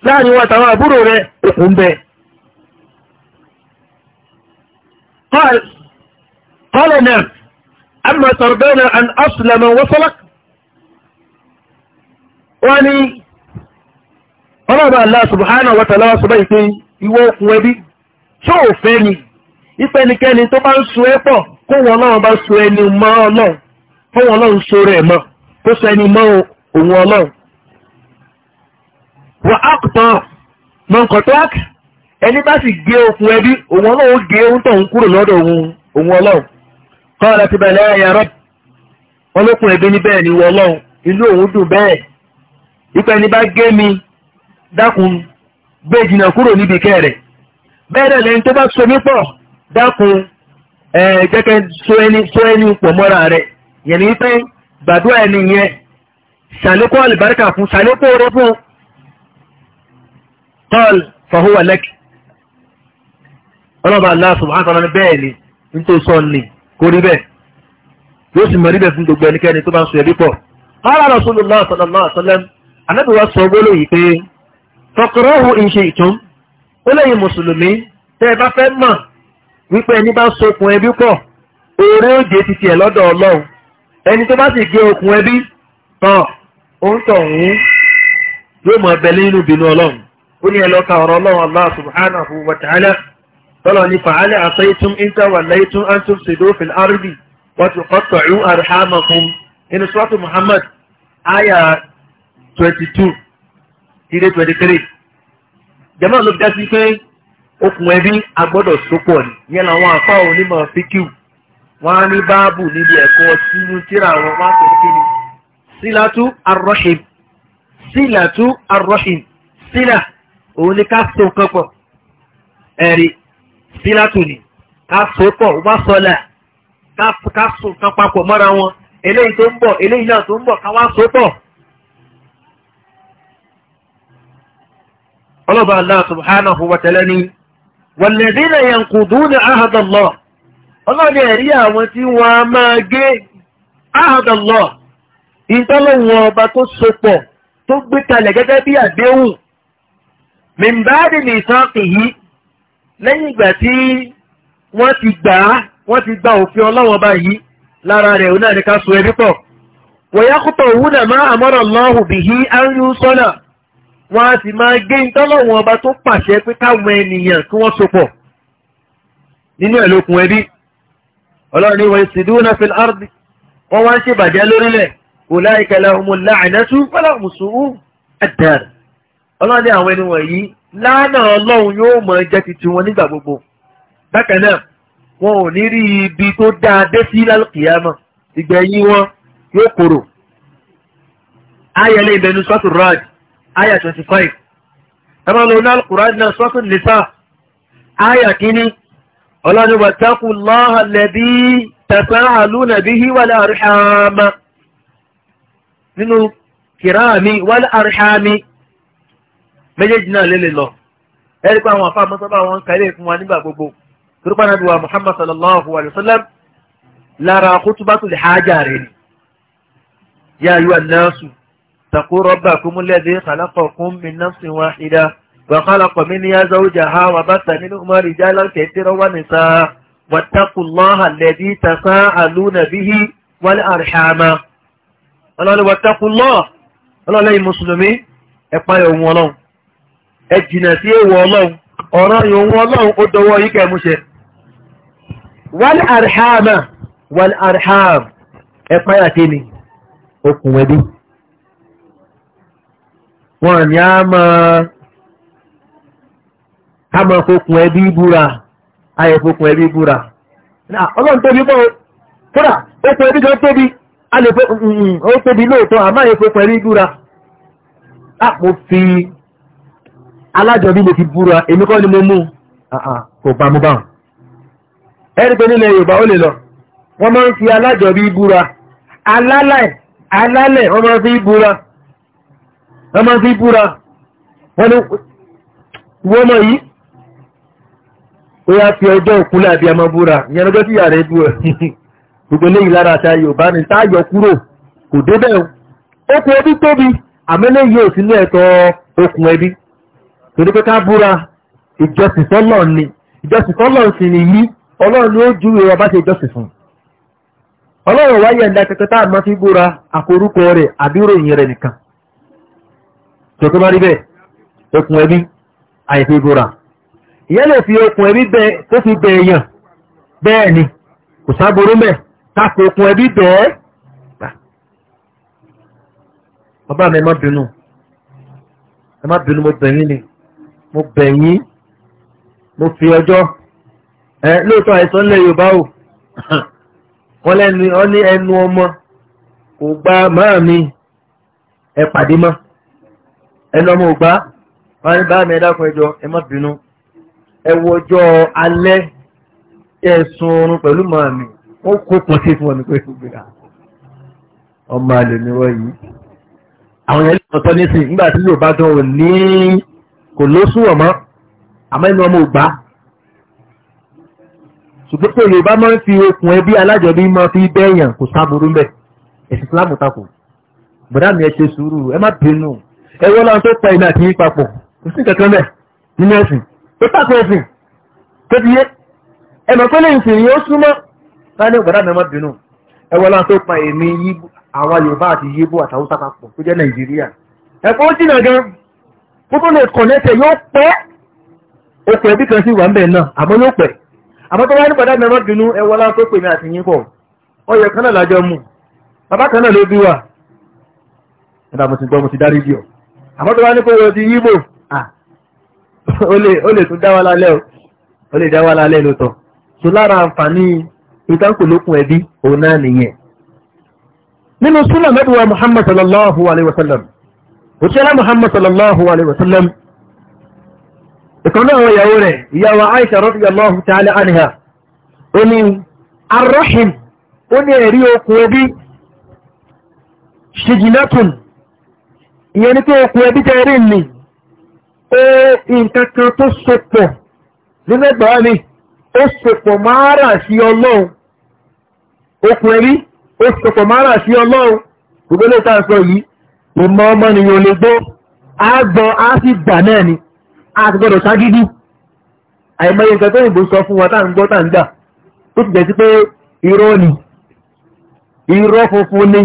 láàrin wa àtàwọn àbúrò rẹ̀ okùn bẹ. قال قال نعم أما ترضون أن أصل من وصلك واني ọlọ́bàá Allah subhanahu wa ta'ala sọ báyìí pé ìwọ okùn tó bá ń so ẹ́ kó wọn náà bá ẹni mọ́ ọlọ́run kó wọn náà rẹ̀ mọ́ kó ẹni mọ́ ọlọ́run. wà ẹni bá sì okùn ẹbí òun ń kúrò lọ́dọ̀ ọlọ́run. قالت بلى يا رب ọlọ́kùn ẹ̀bí ní bẹ́ẹ̀ ni wọ ọlọ́run inú òun dùn bẹ́ẹ̀ ipa ẹni bá gé mi dákun gbé jìnnà kúrò níbi ìkẹ́ rẹ̀ bẹ́ẹ̀ náà lẹ́yìn tó bá so mí pọ̀ dákun jẹ́kẹ́ so ẹni so ẹni pọ̀ mọ́ra rẹ̀ yẹn ní gbàdúrà ẹni yẹn ṣàlékún àlùbáríkà fún ṣàlékún oore fún tọ́l fọ̀húwà lẹ́kì ọlọ́ba aláṣùmọ́ àtọ́nà bẹ́ẹ̀ ni nítorí sọ́ọ́ kò rí bẹ́ẹ̀ yóò sì mọ̀ níbẹ̀ fún gbogbo ẹnikẹ́ni tó bá ń so ẹbí pọ̀. ara rasulullah sallallahu alaihi wasallam anábì wa sọ owó lóyìí pé tọkọrọ́hù ìṣe ìtún ó lẹ́yìn mùsùlùmí tẹ́ ẹ bá fẹ́ mọ̀ wípé ẹni bá so okùn ẹbí pọ̀ oore òjè ti tiẹ̀ lọ́dọ̀ ọlọ́run ẹni tó bá sì gé okùn ẹbí tán òun tọ̀ òun yóò mọ̀ ọbẹ̀ lẹ́yìn ìbínú ọlọ́run ó ní ẹ lọ ọ̀rọ̀ ọlọ́run Allah subhanahu wa ta'ala tọ́lọ̀ ní fàálẹ̀ àtọ́yítún ìtawà lẹ́yítún antum sidófin arbi wàtí kọ́tọ̀rù arhamakum inú sọ́tù muhammad aya 22 ilé 23 jama ló dá sí pé okùn ẹbí agbọ́dọ̀ sopọ̀ ní yẹn làwọn afá onímọ̀ fíkìw wọn á ní báàbù níbi ẹ̀kọ́ sínú tíra wọn wá pẹ̀lú kíni sílátú arrahim sílátú arrahim sílà òun ni ká so nǹkan ẹ̀rí sílátù ni ká sopọ̀ wá sọlá ká sùn kan papọ̀ mọ́ra wọn eléyìí tó ń bọ̀ eléyìí náà tó ń bọ̀ ká wá sopọ̀. ọlọ́ba Allah subhanahu wa ta'ala ni walladhina yanquduna ahada Allah ọlọ́ni ẹ̀rí àwọn tí wọ́n a máa gé ahada Allah ọba tó sopọ̀ tó gbé kalẹ̀ gẹ́gẹ́ bí àdéhùn min ba'di mithāqihi lẹ́yìn ìgbà tí wọ́n ti gbà á wọ́n ti gba òfin ọlọ́wọ́n báyìí lára rẹ̀ òun náà ní ká so ẹbí pọ̀ wọ̀yá kútọ̀ òun náà máa àmọ́ràn lọ́hùn bí i áyún sọ́nà wọ́n á sì máa gé ìtọ́lọ́wọ́n ọba tó pàṣẹ pé káwọn ènìyàn kí wọ́n so nínú ẹ̀ ẹbí ọlọ́run ìwọ̀n wọ́n wá lánà ọlọ́run yóò mọ̀ jẹ́ ti tiwọn nígbà gbogbo bákan náà wọn ò ní rí ibi tó dáa dé sí lálùkìyàmọ̀ ìgbẹ̀yìn wọn yóò korò ayẹlẹ ìbẹnu sọ́tù raj aya 25 ẹmọ lọ náà kùrán náà sọ́tù nìsà aya kìíní ọlọ́run wà tákù lọ́hà lẹ́bí tẹ̀sán àlú nàbí wàlẹ̀ àrùhàmà nínú kìráàmì wàlẹ̀ àrùhàmì méjèèjì náà lélẹ̀ lọ ẹ̀rí pé àwọn àfa mọ́sábà wọn ń ka ilé fún wa nígbà gbogbo torípa náà wà Muhammad sallallahu alayhi wa sallam lára khutbatul haja rẹ̀ ni ya ayyuha nnasu taqu rabbakum alladhi khalaqakum min nafsin wahida wa khalaqa minha zawjaha wa batha minhuma rijalan kathiran wa nisaa wattaqullaha alladhi tasaaluna bihi wal arhama ọlọ́lẹ̀ wattaqullaha ọlọ́lẹ̀ mùsùlùmí ẹ̀pá ẹ̀wọ̀n ọlọ́run Ejina si sí èèwọ̀ ọlọ́run ọ̀ràn ìhun ọlọ́run ó dọwọ́ yín kẹ́ múṣẹ. wal wal arham ẹ páyà okùn ẹbí. ni a máa a ẹbí búra ayẹ ẹbí búra. ọlọ́run tóbi bọ́ alájọbí lè fi búra èmi kọ́ ni mo mú ah, ah, kò bá mú báhùn ẹni pé nílẹ̀ Yorùbá ó lè lọ wọ́n máa ń fi alájọbí búra alálẹ̀ alálẹ̀ wọ́n máa fi búra wọ́n máa fi búra wọ́n ni wọ́n mọ̀ yìí ó yá fi ọjọ́ òkúlẹ̀ àbí ọmọ búra ìyẹn ọjọ́ tí bú ẹ̀ (laughs) gbogbo léyìn lára àti ayò bá ní táyọ̀ kúrò kò débẹ̀ ó kú ẹbí tóbi àmẹ́lẹ́yìn ò ẹ̀tọ́ okùn ẹbí torí pé ká búra ìjọsìn tọ́lọ̀ ni ìjọsìn tọ́lọ̀ sì ni yí ọlọ́run ni ó ju ìwọ bá ṣe ìjọsìn fún ọlọ́run wáyé ẹ̀dá kẹkẹta àmọ́ fi búra àkorúkọ rẹ̀ àbíròyìn rẹ̀ nìkan tó tó bá rí bẹ́ẹ̀ okùn ẹbí àìfi búra ìyẹn lè fi okùn ẹbí bẹ́ẹ̀ tó fi bẹ èèyàn bẹ́ẹ̀ ni kò sáboró mẹ́ káko okùn ẹbí bẹ́ẹ̀ bàbá mi ẹ má bínú ẹ má bínú mo bẹ̀yìn ni mo bẹ̀ yín mo fi ọjọ́ ẹ lóòótọ́ àìsàn lẹ̀ yorùbá o wọ́n lẹ́nu ọ ní ẹnu ọmọ kò gba máa mi ẹ pàdé mọ́ ẹnu ọmọ ò gbá wọn ní báàmì ẹ dákun ẹjọ ẹ má bínú ẹ wo ọjọ́ alẹ́ ẹ sun oorun pẹ̀lú máa mi ó kó pọ̀ sí fún ọ̀nà pé gbéra e ọmọ àlè ni wọ́n yìí àwọn yẹn lè sọ̀tọ̀ nísìnyí nígbà tí yorùbá gan ò ní kò ló súwọ̀n mọ́ àmọ́ inú ọmọ ògbà ṣùgbọ́n pé Yorùbá máa ń fi okùn ẹbí alájọbí máa fi bẹ́ẹ̀yàn kò sáburú mbẹ̀ ẹ̀sìn Islam takò bọ̀dá mi ẹ ṣe sùúrù ẹ má bínú ẹ wọ́n láwọn tó pa ìlà àti yín papọ̀ kò sí kankan bẹ̀ nínú ẹ̀sìn tó tako ẹ̀sìn tó ti yé ẹ̀mọ̀ pé lè sìn yóò súnmọ́ láti bọ̀dá mi ẹ má bínú ẹ wọ́n láwọn tó pa èmi àwọn Yorùbá àti Yíbò àtàwùsá papọ̀ tó jẹ́ Nàìjíríà ẹ̀kọ́ jìnnà gan-an kó tó lè kọ̀nẹ́tẹ̀ yóò pẹ́ okùn ẹbí kan sí wà ń bẹ̀ náà àmọ́ yóò pẹ́ àmọ́ tó wá ní padà mẹ́rọ dínú ẹwọ́ láwọn tó pè ní àti yín pọ̀ ọyẹ kan náà lájọ mú bàbá kan náà ló bí wà ẹ̀dà mo ti gbọ́ mo ti dárí bí ọ àmọ́ tó wá ní pẹ̀lú ti yíbò ó lè tún dáwà lálẹ́ ó lè dáwà lálẹ́ ló tọ̀ so lára àǹfààní ìtànkù lókun ẹbí òun náà nìyẹn nínú súnà mẹ́bùwà Muhammad sallallahu wa sallam òṣèlá muhammad sallallahu alaihi wasallam ìkànnà àwọn ìyàwó rẹ̀ ìyàwó aisha radiyallahu ta'ala anha ó ní arrahim ó ní ẹ̀rí okùn ẹbí ṣìjìnàtùn ìyẹn ní pé okùn ẹbí tẹ́ rí nì ó nǹkan kan tó sopọ̀ nígbẹ̀gbà mi ó sopọ̀ mára sí ọlọ́run okùn ẹbí ó sopọ̀ mára sí ọlọ́run gbogbo lóta sọ yìí ìmọ̀ ọmọ nìyàn ò lè gbó àgbọn á sì gbà náà ni a ti gbọdọ̀ ságídí àìmọye nǹkan tó yìnbó sọ fún wa tá à ń gbọ́ tá à ń gbà tó ti jẹ́ sí pé irọ́ ni irọ́ funfun ni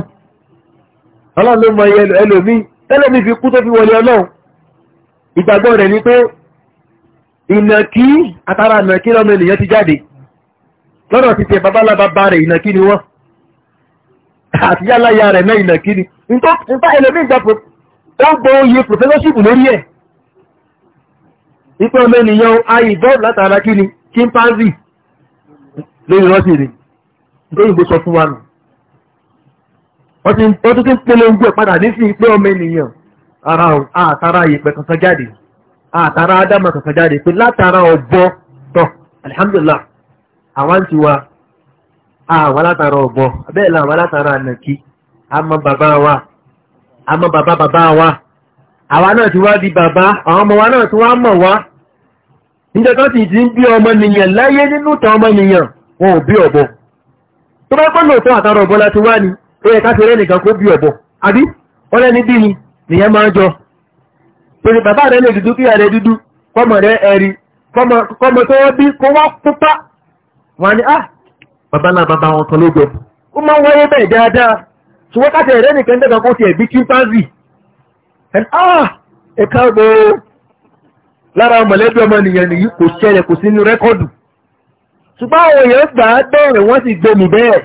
ọlọ́run ló mọ ẹlòmíì ẹlòmíì fi kú tó fi wọlé ọlọ́run ìgbàgbọ́ rẹ̀ ni pé ìnàkí àtàrà ìnàkí lọ́mọ ènìyàn ti jáde lọ́dọ̀ ti tẹ babalábá rẹ̀ ìnàkí ni wọ́n àti yálà ya rẹ̀ náà ìnà kiri nípa ẹlẹ́mí ìjọpọ̀ ó gbọ́ oyè professorship lórí ẹ̀ ipẹ́ ọmọ ènìyàn ayé bọ́ọ̀lù látara kí ni chimpanzee lórí rọ́sì rẹ̀ lóyìnbó sọ fún wa nù wọ́n ti tún ti ń polongo ẹ̀ padà nísìnyí pé ọmọ ènìyàn ara àtàrà ìpẹ́ kankan jáde àtàrà ádámà kankan jáde pé látara ọ̀bọ tọ̀ alihamdulilah àwọn ti wa Ah, àwọn alátara ọ̀bọ bẹ́ẹ̀ la àwọn alátara ànàkí àmọ́ bàbá wa àmọ́ bàbá bàbá wa àwa náà ti wá di bàbá àwọn ọmọ wa náà ti wá mọ̀ wá níjẹ́ ti ti bí ọmọ nìyàn láyé nínú ọmọ nìyàn wọn ò bí ọ̀bọ tó bá pọ́nà àtàrà láti wá ní ó yẹ ọbọ nìkan kó bí àbí jọ pèrè bàbá rẹ̀ lè dúdú kí dúdú kọ́mọ rẹ̀ ẹ̀rí bàbá náà bàbá wọn kan ló jẹ ó máa ń wáyé bẹ́ẹ̀ dáadáa ṣùgbọ́n káṣẹ ẹ̀rẹ́ nìkan dẹ́gbà kó ti ẹ̀bí chimpanzee and ah ẹ̀ka gbọ́ lára mọ̀lẹ́bí ọmọ nìyẹn nìyí kò ṣẹlẹ̀ kò sínú rẹ́kọ́dù ṣùgbọ́n àwọn èèyàn gbà á bẹ̀rẹ̀ wọ́n sì gbé mi bẹ́ẹ̀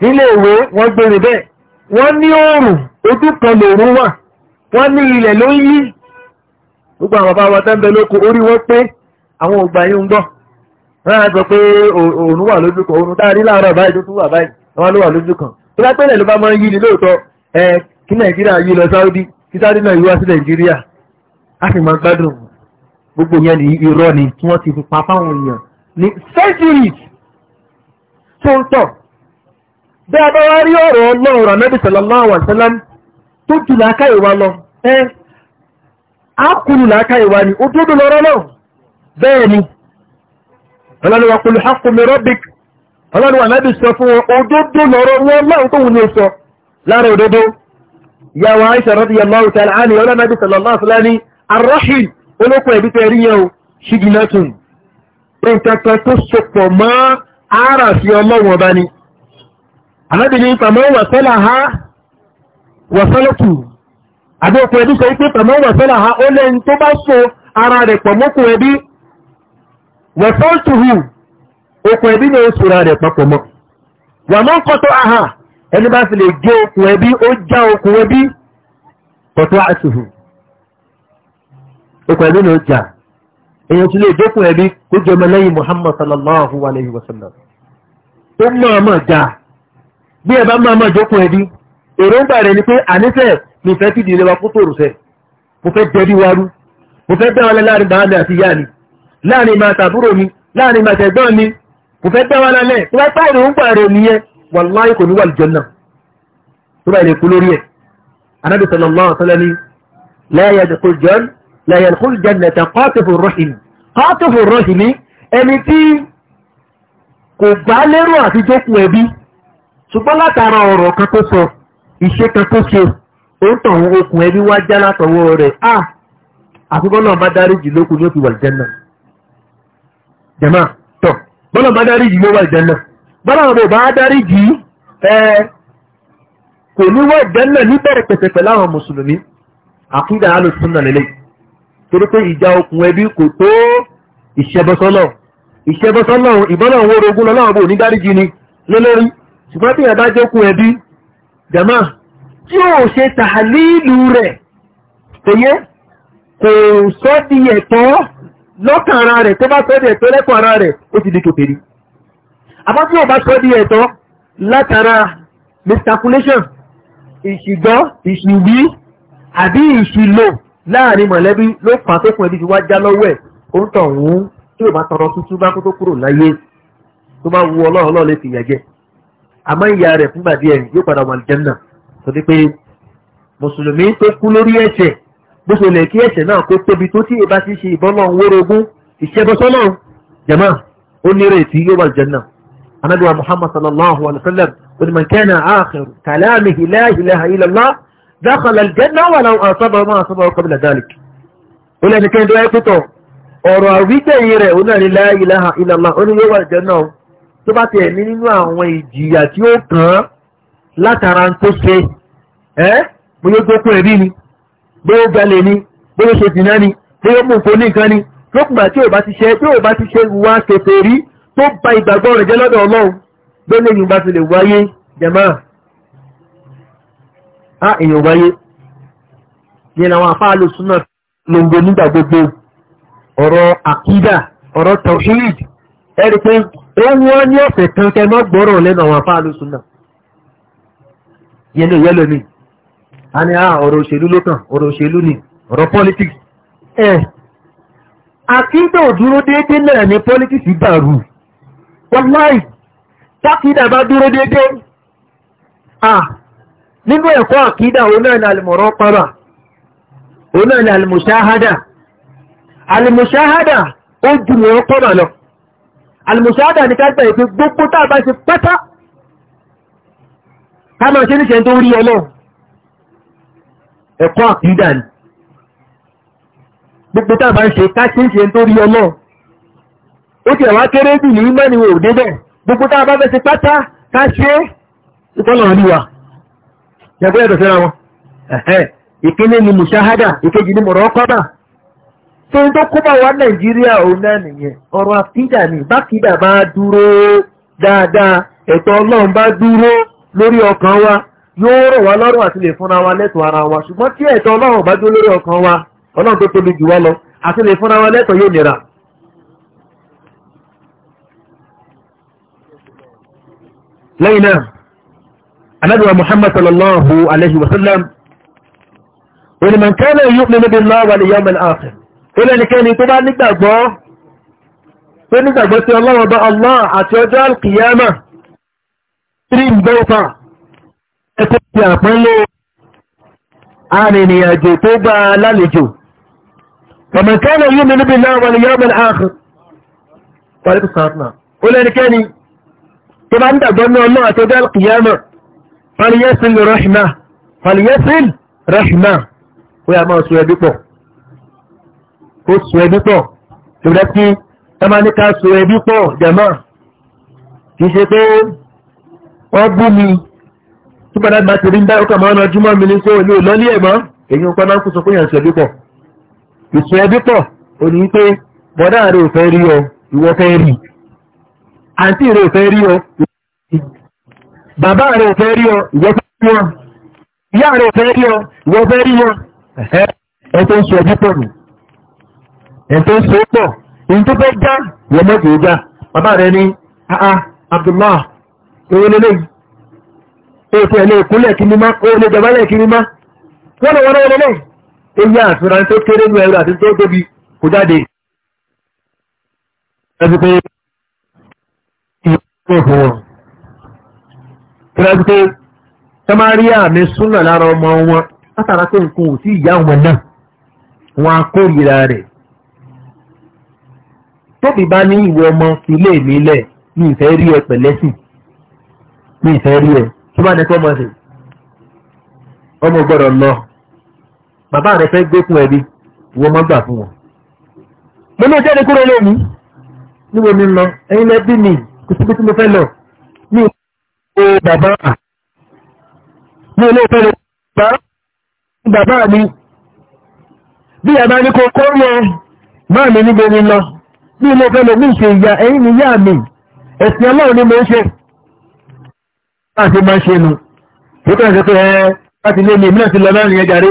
nílé ìwé wọ́n gbé mi bẹ́ẹ̀ wọ́n ní oòrùn ojú kan wọ́n á sọ pé òun wà lójú kan òun dárí láàárọ̀ báyìí tó tún wà báyìí wọ́n ló wà lójú kan tó bá pẹ́lẹ̀ ló bá mọ́ yí ni lóòótọ́ ẹ kí nàìjíríà yí lọ sáúdí kí sáúdí náà yíwá sí nàìjíríà á sì máa gbádùn gbogbo yẹn ní irọ́ ni tí wọ́n ti fi pa fáwọn èèyàn ní centuries tó ń tọ̀ bí a bá wá rí ọ̀rọ̀ ọlọ́run anábì sallallahu alaihi wasallam tó jù làákàyè wa lọ ẹ á kúrú làákàyè wa ọlọ́run wa kul haqqu min rabbik ọlọ́run wa nábì sọ fún wọn òdodo lọ́rọ̀ wọn láwọn tó wù ní sọ lára òdodo ìyàwó Aisha radiyallahu ta'ala anha ọlọ́run nábì sallallahu alaihi wasallam arrahim olókùn ẹ̀bí wẹ̀fọ́ntùhù okùn ẹbí ní oṣù ra rẹ̀ papọ̀ mọ́ wà mọ́ kọ́tọ́ àhà ẹni bá sì lè gé okùn ẹbí ó já okùn ẹbí kọ́tọ́ àṣùhù okùn ẹbí ní ó jà èyàn tún lè dókùn ẹbí kó jẹ ọmọ lẹ́yìn Muhammad sallallahu alayhi wa sallam tó máa máa jà bí ẹ bá máa máa láàrin máa tàbúrò mi láàrin máa tẹ̀gbọ́n mi kò fẹ́ dáwà lálẹ́ tó bá pààrọ̀ ń pààrọ̀ nìyẹn wàláhì kò ní wà lùjọ náà tó bá ìrẹ̀kú lórí ẹ̀ anábì sallallahu alaihi wasallam la yadkhul jann la yadkhul jannata qatifu rahim qatifu rahim ẹni tí kò bá lérò àti jókun ẹbí ṣùgbọ́n látara ọ̀rọ̀ kan tó sọ ìṣe kan tó ṣe ó ń tàn okùn ẹbí wá já látọwọ́ rẹ̀ ah àfikún bá dárí jù lókun ní òkè wà lùjọ náà jẹ̀má tọ̀ bọ́lá bá dárí yìí ló wà ìjẹ́ náà bọ́lá àwọn bá dárí yìí ẹ kò ní wà ìjẹ́ náà níbẹ̀rẹ̀ pẹ̀tẹ̀pẹ̀ láwọn mùsùlùmí àkúndà alùsùnà lélẹ̀ torí pé ìjà okùn ẹbí kò tó ní dárí yìí ni lélórí ṣùgbọ́n bí ẹ̀dá jókun ẹbí jẹ̀má tí ó ṣe tàhálílù rẹ̀ kò yẹ kò sọ́ di ẹ̀tọ́ lọ́kàn ara rẹ̀ tó bá sọ di ẹ̀tọ́ lẹ́kọ̀ọ́ ara rẹ̀ ó ti di kèfèrí àmọ́ tí wọ́n bá sọ di ẹ̀tọ́ látara miscalculation ìṣìgbọ́ ìṣìwí àbí ìṣìlò láàrin mọ̀lẹ́bí ló fà á tó fún ẹbí fi wá já lọ́wọ́ ẹ̀ ó ń tàn wọ́n tí ò bá tọrọ tuntun bá kó tó kúrò láyé tó bá wu ọlọ́run lọ́ọ́ lè fi ìyà jẹ àmọ́ ìyá rẹ̀ fúngbà díẹ̀ yóò padà wà lìjẹ́ náà bó ṣe lè kí ẹ̀ṣẹ̀ náà kó tóbi tó tí ìbá ti ṣe ìbọn náà wórogún ìṣẹ́bọsọ́ náà jẹ̀mọ́ ó nírè tí yóò wà jẹ́nà anábíwá muhammad sallallahu alayhi wa sallam onímọ̀ kẹ́nà ààkẹ́rù kàlámì ìlàhìlàhà ìlàlá dákàlà jẹ́nà wà láwọn àṣàbà máa ṣàbà kọ́bílà dálìk ó lẹ́ni kẹ́ndé wáyé pẹ́tọ̀ ọ̀rọ̀ àwígbẹ̀yìn rẹ̀ ó náà ní láìlàhà ìlàlá ó ní yóò wà jẹ́nà tó bá bóyá jalè ni bóyá ṣe dìná ni bóyá mú nǹkan oníkan ni lókùnbà tí ò bá ti ṣe tí ò bá ti ṣe wá kẹfẹ́ rí tó ba ìgbàgbọ́ rẹ̀ jẹ́ lọ́dọ̀ ọlọ́run bẹ́ẹ̀ lẹ́yìn bá ti lè wáyé jẹ̀máà á èèyàn wáyé yẹn làwọn afáàlù súnà lòǹgbò nígbà gbogbo ọ̀rọ̀ àkídà ọ̀rọ̀ tawhid ẹ̀rí pé ó wọ́n ní ọ̀sẹ̀ kan kẹ́ mọ́ gbọ́rọ̀ lẹ́nu àwọn afáàlù súnà yẹn ló a ní àwọn ah, ọ̀rọ̀ òṣèlú lókàn ọ̀rọ̀ òṣèlú ni ọ̀rọ̀ politics ẹ̀ àkíńtò dúró déédéé náà ni politics dàrú wọ́láì tákìdà bá dúró déédéé à nínú ẹ̀kọ́ àkídà òun náà ni alìmọ̀rọ̀ pàrà òun náà ni alìmọ̀ṣáhádà alìmọ̀ṣáhádà ó jù mọ̀ pàrà lọ alìmọ̀ṣáhádà ni ká gbà ìpín gbogbo tá a bá ṣe pátá ká máa ṣe níṣẹ́ ẹ̀kọ́ àkídà ni gbogbo a bá ń ṣe ká ṣe ń ọmọ ó ti ẹ̀wá kéré jù ní mẹ́rin wò gbogbo tá bá fẹ́ ṣe pátá ká ìkọlọ̀ níwà yàgbé ẹ̀dọ̀ fẹ́ra wọn ìkíní ni mùṣáhádà ìkejì ni mọ̀rọ̀ tó ń tó nàìjíríà òun náà nìyẹn àkídà ni bá dúró dáadáa ẹ̀tọ́ yóò rọ̀ wá lọ́rùn àti lè fúnra wa lẹ́tọ̀ọ́ ara wa ṣùgbọ́n tí ẹ̀tọ́ ọlọ́run bá dúró lórí ọkàn wa ọlọ́run tó tóbi jù wá lọ àti lè fúnra wa lẹ́tọ̀ọ́ yóò nira lẹ́yìn náà anábìwa muhammad sallallahu alaihi wasallam onímọ̀ kẹ́lẹ̀ yóò mímú bí lọ́wọ́ wal yawm al-akhir ó lẹ́nikẹ́ni tó bá nígbàgbọ́ tó nígbàgbọ́ sí ọlọ́run bá allah àti ọjọ́ alkiyama 3 bẹ́ẹ̀ ẹkọ́ ti àpọ́nlé arìnrìnàjò tó gbà lálejò ọmọkẹ́lẹ̀ yìí nínú bí náà wọlé yọ́mọ̀ ààrùn pàríkù sàtìnà ó lẹ́nikẹ́ni tó bá ń dàgbọ́ ní ọlọ́ àtọ́jọ́ alkiyama fàlìyẹ́sìn rọ́ṣìmá fàlìyẹ́sìn rọ́ṣìmá ó yà máa sọ ẹbí pọ̀ ó sọ ẹbí pọ̀ tó rẹ́ kí ẹ máa ní ká sọ ẹbí pọ̀ jẹ̀mọ́ kì í ṣe pé ọ bú mi tó padà bá ti rí ń dá ọkà máa ń ọdún mọ́ mi ní pé olú lọ́lé ẹ̀mọ́ èyí ń pọ́n náà kó sọ pé yàn ṣẹ̀bí pọ̀ ìṣẹ̀bí pọ̀ ò ní pé bọ́dá rẹ̀ ò fẹ́ rí ọ ìwọ fẹ́ rí àǹtí rẹ̀ ò fẹ́ rí ọ bàbá rẹ̀ ò fẹ́ rí ọ ìwọ fẹ́ rí wọn ìyá rẹ̀ ò fẹ́ rí ọ ìwọ fẹ́ rí wọn ẹ tó ń sọ ẹbí pọ̀ nù ẹ tó ń sọ pọ̀ èyí tó fẹ́ já wọ́n mọ́ oṣù ẹ̀lẹ́ ìkúnlẹ̀ kiri má o lè jẹ̀bálẹ̀ kiri má wọ́n lọ wọ́n lọ́wọ́ eyín àtúnra tó kéré ní ẹ̀rọ àti tó tóbi kò jáde ẹ̀sùn pé ìyẹn fún wọn tẹ́lẹ̀ pé tẹ́márí àmì súnà lára ọmọ wọn látara pé nǹkan ò sí ìyá wọn náà wọn á kórìíra rẹ̀ tóbi bá ní ìwọ ọmọ ilé mi lẹ̀ ní ìfẹ́ rí ẹ pẹ̀lẹ́sìn ní ìfẹ́ rí ẹ kí wá ní kọ́ mọ́ sí ọmọ gbọ́dọ̀ lọ bàbá rẹ̀ fẹ́ gbókun ẹbí wọ́n mọ́ gbà fún wọn. mo ní jáde kúrò lónìí níbo mi lọ ẹ̀yin lẹ́bí mi kò síbi tí mo fẹ́ lọ ní ìlú bàbá mi ò lè fẹ́ lọ bàbá mi bí àbá ní kò kọ́ yẹ máa mi níbo mi lọ bí mo fẹ́ lọ mí ṣe ìyá ẹ̀yin ni yá mi ẹ̀sìn ọlọ́run ni mo ń ṣe láti máa ṣe nù tó kàn sí pé ẹ láti lé mi mìíràn ti lọ náà nìyẹn jàre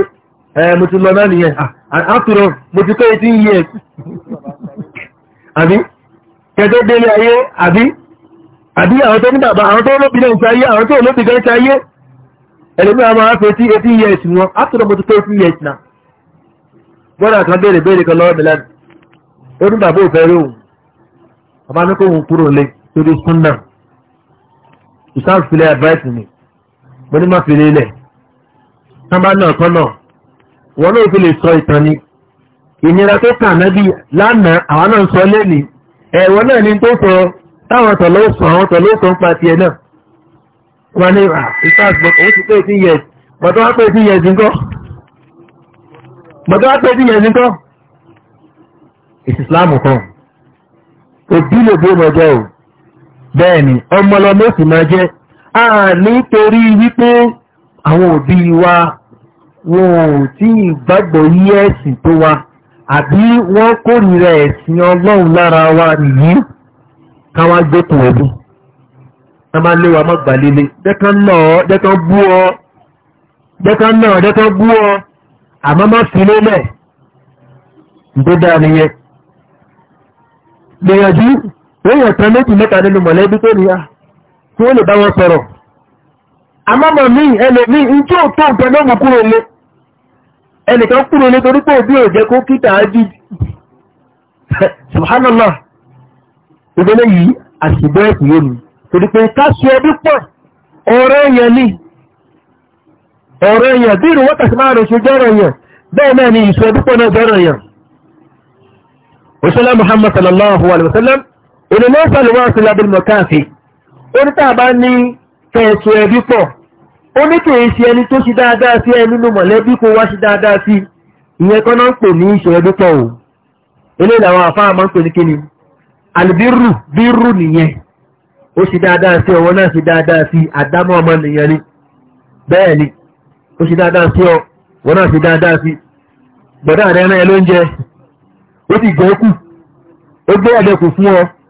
ẹ mo ti lọ náà nìyẹn àtúrọ ah, mo ti pé eighteen years (laughs) àbí kẹtọ délé ayé àbí àbí àwọn tó ní bàbá àwọn tó lóbi náà ń ṣe àwọn tó lóbi gan ṣe ayé ẹlẹ́mí àwọn máa fẹ́ tí years wọn àtúrọ mo ti pé eighteen years náà bọ́dà kan béèrè béèrè kan lọ́wọ́ mi lánàá ó ní bàbá òfẹ́ rí òun àbá ní kó òun kúrò lé torí sunna ìsáà fìlẹ̀ advice mi mo ní má fi lé lẹ̀ sábà náà kọ́ náà wọn náà fi lè sọ ìtàn ni ìnira tó kà náà bí lánàá àwọn náà ń sọ lẹ́nìí ẹ̀wọ̀n náà ni tó sọ táwọn tọ̀ ló sọ àwọn tọ̀ ló sọ ń pa tiẹ̀ náà wọn ní ah, ìsáà òun ti pé eighteen years bọ̀dọ̀ wá pé eighteen years nǹkan bọ̀dọ̀ wá pé eighteen years nǹkan ìsìslámù kan òbí lè bí ọmọ ẹjọ́ o. bẹ́ẹ̀ni ọmọlọmọ sì máa jẹ́ a nítorí wípé àwọn òbí wa wọn ò tí ìgbàgbọ́ yí ẹ̀sìn tó wa àbí wọ́n kórìíra ẹ̀sìn ọlọ́run lára wa nìyí káwá gbẹ́kùn ẹ̀bùn máa dẹ́kan náà ọ àmọ́ má fi lélẹ̀ dáa nìyẹn gbìyànjú lẹ́yìn ọ̀tán méjì mẹ́ta nínú mọ̀lẹ́bí tó níyà tí wọ́n lè bá wọn sọ̀rọ̀ àmọ́mọ̀ mí ẹnì mí ń tí ò tó nǹkan náà mú kúrò lé ẹnìkan kúrò lé torí pé òbí ò jẹ́ kó kíta ájì subhanallah ìgbélé yìí àṣìbọ́ ẹ̀kú yé mi torí pé káṣù ẹbí pọ̀ ọ̀rọ̀ olùmọ́sọ̀lù wọn sí lábẹ́ mọ̀káàfẹ́ onítà bá ní kẹ̀ẹ̀sù ẹbí pọ̀ ó ní kìí ṣe ẹni tó ṣe dáadáa sí ẹni nínú mọ̀lẹ́bí kó wá ṣe dáadáa sí ìyẹn kan náà ń pè ní ìṣẹ́ ẹbí pọ̀ o eléyìí làwọn àfáà máa ń ó ṣe dáadáa sí ni bẹ́ẹ̀ ni ó ṣe dáadáa sí ọ wọ́n náà ṣe dáadáa sí gbọ́dọ̀ àrẹ́rẹ́ ó gbé ẹ̀dẹ̀kù fún ọ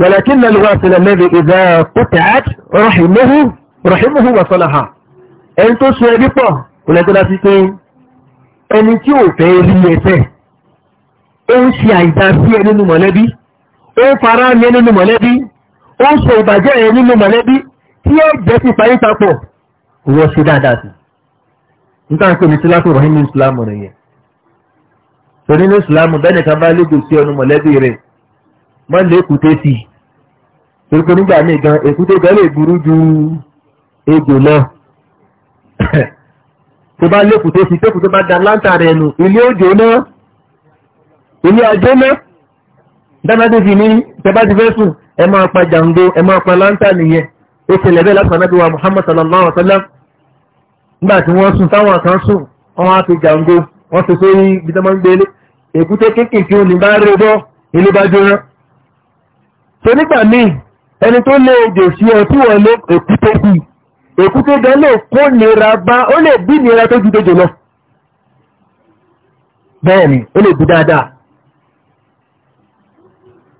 ولكن الواصل الذي إذا قطعت رحمه رحمه وصلها ẹni tó ṣe ẹbí pọ̀ kò lẹ́gbẹ́dá sí pé ẹni tí ò fẹ́ rí ẹ̀fẹ́ ó ń ṣe àìdá sí ẹ nínú mọ̀lẹ́bí ó ń fara ní ẹ nínú mọ̀lẹ́bí ó ń ṣe ìbàjẹ́ ẹ nínú mọ̀lẹ́bí tí ó jẹ́ sí parí papọ̀ wọ́n ṣe dáadáa sí nígbà tó ní síláàpù rahim islam rẹ̀ yẹn torí ní islam bẹ́ẹ̀ nìkan bá lóògùn sí ọnu mọ̀lẹ́bí rẹ̀ mọ́ lè kùtẹ́ sí i torípé nígbà míì gan èkúté gan lè burú ju egbò lọ tó bá lékùté sí tókùté bá da láńtà rẹ̀ nù ilé òjò náà ilé ajé náà dáadáa fi ní tẹ́bá ti fẹ́ sùn ẹ máa pa jàǹdó ẹ máa pa láńtà nìyẹn ó ṣẹlẹ̀ bẹ́ẹ̀ láti anábíwá Muhammad sallallahu alaihi wa sallam nígbà tí wọ́n sùn táwọn kan sùn wọ́n á fi jàǹdó wọ́n fi sórí ibi tó máa ń gbélé èkúté kéékèèké ò ní bá rí bọ́ ilé bá jóná. so nígbà míì ẹni tó lè jò sí ẹ tí wọ́n lé èkúté bí èkúté gan lè kó nira bá ó lè bí nira tó ju dojò lọ bẹ́ẹ̀ ni ó lè bí dáadáa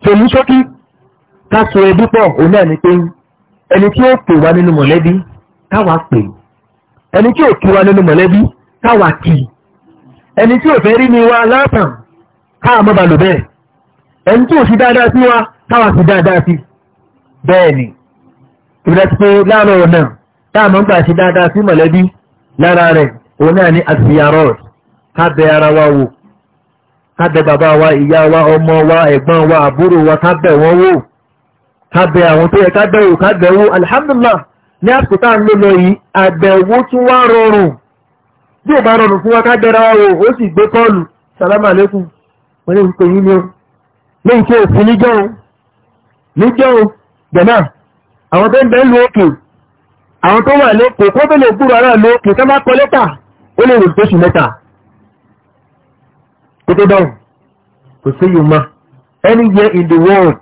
tòlú ṣókí ká so ẹbí pọ̀ òun náà ni pé ẹni tí ó pè wá nínú mọ̀lẹ́bí káwa pè ẹni tí ò kí wá nínú mọ̀lẹ́bí káwa kì ẹni tí ò fẹ́ rí ni wa látàn káà mọ́ balùbẹ́ẹ̀ ẹni tí ò sí dáadáa sí wa káwa sí dáadáa sí i bẹ́ẹ̀ ni ìbílẹ̀ ti pé láàárọ̀ ọ̀nà táàmù ń gbà ṣe dáadáa sí mọ̀lẹ́bí lára rẹ̀ òun náà ní àtìyàrọ̀ ká bẹ ara wa wò ká bẹ bàbá wa ìyá wa ọmọ wa ẹ̀gbọ́n wa àbúrò wa ká bẹ̀ wọ́n wò ká bẹ àwọn tó yẹ ká bẹ̀ wò ká bẹ̀ wò alhamdulillah ní àsìkò tá lọ yìí àbẹ̀wò tún wá rọrùn bí ò bá rọrùn fún wa ká bẹ̀rẹ̀ wò ó sì gbé kọ́ọ̀lù sàlámà lẹ́kùn wọ́n ní orúkọ yìí ni ó lóyún tí ò níjọ́ níjọ́ jẹ̀mọ́ àwọn tó ń bẹ́ lu òkè àwọn tó wà lókè kó tó lè gbúrò ara lókè tó bá kọ lẹ́tà ó lè rìn tóṣù mẹ́ta kó tó dáhùn kò sí yìí mọ́ anywhere in the world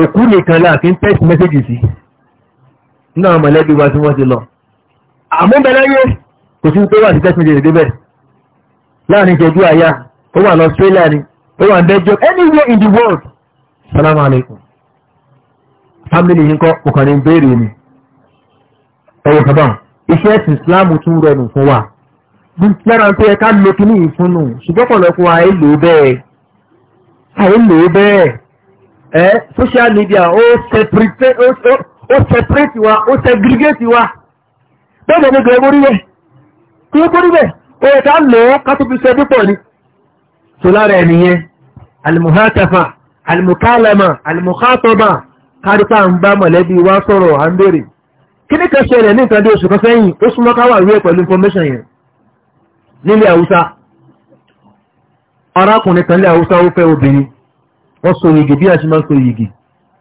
òkú nìkan láti ń text message sí nínú àwọn mọ̀lẹ́bí wa tí wọ́n ti lọ àmúbẹ̀lẹ́yẹ kò sí tó wà sí text message débẹ̀ láàrin ìjọjú àyà ó wà lọ Australia ni ó wà ń bẹ́jọ́ anywhere in the world salamu alaykum family yìí ń kọ́ ọkàn ní béèrè ni ẹ̀wọ̀ kaba iṣẹ́ ẹ̀sìn islamu tún rọrùn fún wa lára pé ẹ̀ka lo kíní yìí fún nù ṣùgbọ́n pọ̀lọpọ̀ àìlò bẹ́ẹ̀ àìlò bẹ́ẹ̀ ẹ̀ social media ó separate wa ó segregate wa bẹ́ẹ̀ ni gbẹ̀rẹ̀ mórí bẹ́ẹ̀ kí ó mórí bẹ́ẹ̀ ó yẹ ká lò ká tó fi ṣe púpọ̀ ni so lára nìyẹn alimuhatafa alimukalama alimukhatoba kárípà ń bá mọ̀lẹ́bí wa sọ̀rọ̀ à ń béèrè kí ní kan ṣẹlẹ̀ ní nǹkan bí oṣù kan sẹ́yìn ó súnmọ́ ká wà rí ẹ̀ pẹ̀lú information yẹn nílẹ̀ haúsá arákùnrin kan nílẹ̀ haúsá ó fẹ́ obìnrin wọ́n so yìgì bí a ṣe máa ń so yìgì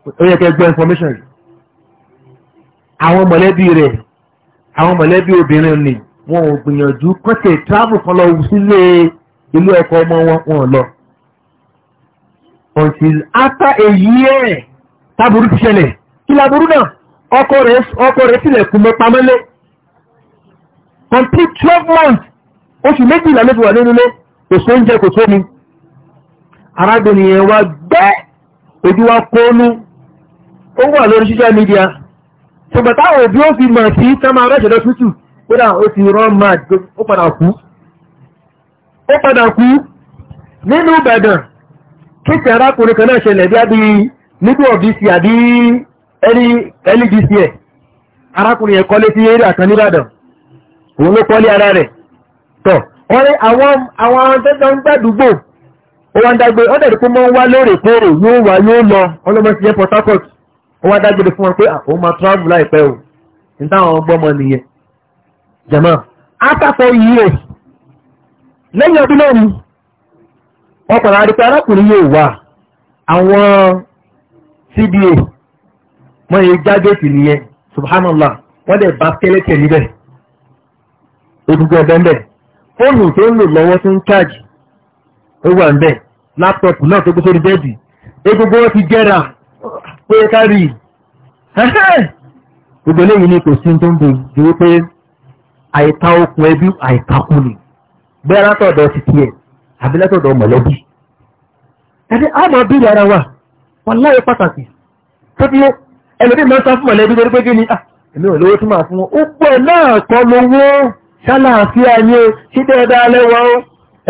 ó yẹ kẹ́ gbọ́ information yìí àwọn mọ̀lẹ́bí rẹ̀ àwọn mọ̀lẹ́bí obìnrin ni wọn ò gbìyànjú kọ́tẹ̀ travel kan lọ sílé ilé ẹ̀kọ́ ọmọ wọn wọn lọ until after a year táburú ti ṣẹlẹ̀ kí laburú náà ọkọ rẹ̀ complete twelve months oṣù méjìlá ló fi wà nínú ilé kò sóúnjẹ kò sómi arábìnrin yẹn wá gbẹ́ ojú wa kónú ó wà lórí social media ṣùgbọ́n táwọn òbí ó fi mọ̀ sí tútù ó ti rán ó padà kú ó padà middle of this year àbí early this year arákùnrin yẹn kọ́lé sí eré àkan nìbàdàn òun ló kọ́lé ara rẹ̀ tọ̀ wọ́n ní àwọn tẹ́tọ́ ń gbàdúgbò ó dágbé ọ́dẹ̀ rí pé mọ́ ń wá lóòrèkóòrè yóò wá yóò lọ ọlọ́mọ sí Port Harcourt ó wá dágbére fún wọn pé àwọn máa travel láìpẹ́ o ní táwọn ọgbọ́mọ nìyẹn jẹ̀mọ́ lẹ́yìn ọdún náà ni cba wọ́n yẹ jágéètì nìyẹn subhanallah wọ́n dẹ̀ bá kẹ́lẹ́kẹ́ níbẹ̀ egungun ẹ̀bẹ̀ ń bẹ̀ fóònù tó ń lò lọ́wọ́ tó ń chájì ó wà ń bẹ̀ náà tó gbé sórí bẹ́ẹ̀dì egungun wọn ti jẹ́ra pé gbogbo eléyìí ni kò sí tó ń àìta okùn wọ́n láyé pàtàkì tó bí ẹlòmí máa ń sá fún mọ̀lẹ́bí torí pé kí ni ah, èmi ò lówó tí máa fún wọn ó pọ̀ náà kọ́ lówó ṣáláàfíà ni ó ṣí dáadáa lẹ́wà ó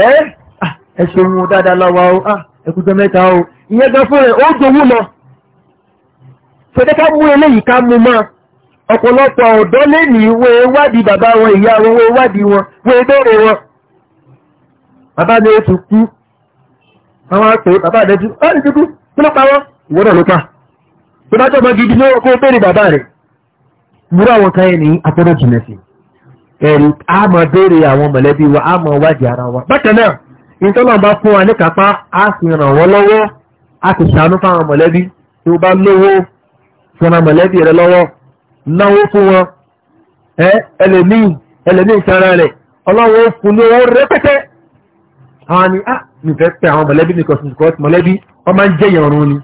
ẹ́ ah, ẹ ṣeun dáadáa lọ́wọ́ ó ẹkùjọ mẹ́ta ó ìyẹn gan fún rẹ̀ ó jowú lọ fẹ́tẹ́ ká mú eléyìí ká mú mọ́ ọ̀pọ̀lọpọ̀ ọ̀dọ́ lé ní wé wádìí bàbá wọn ìyá wọn wé bàbá mi ó tún kú àwọn àpè bàbá àdẹ́jú ó ní kí ló pa wọn ìwọ́dọ̀ ló tó bá jọba gidi ní kó bèèrè bàbá rẹ̀ múra àwọn kan ní atọ́dọ̀ jìnà ẹ̀rù a mọ̀ bèèrè àwọn mọ̀lẹ́bí wa a mọ̀ wájì ara wa bákan náà ìtọ́lọ̀ bá fún wa ní kápá a sì ràn wọ́n lọ́wọ́ a sì ṣàánú fáwọn mọ̀lẹ́bí tó bá lówó mọ̀lẹ́bí rẹ̀ lọ́wọ́ náwó fún wọn a nífẹ̀ẹ́ ah, pẹ àwọn mọ̀lẹ́bí nìkan mọ̀lẹ́bí ń jẹ́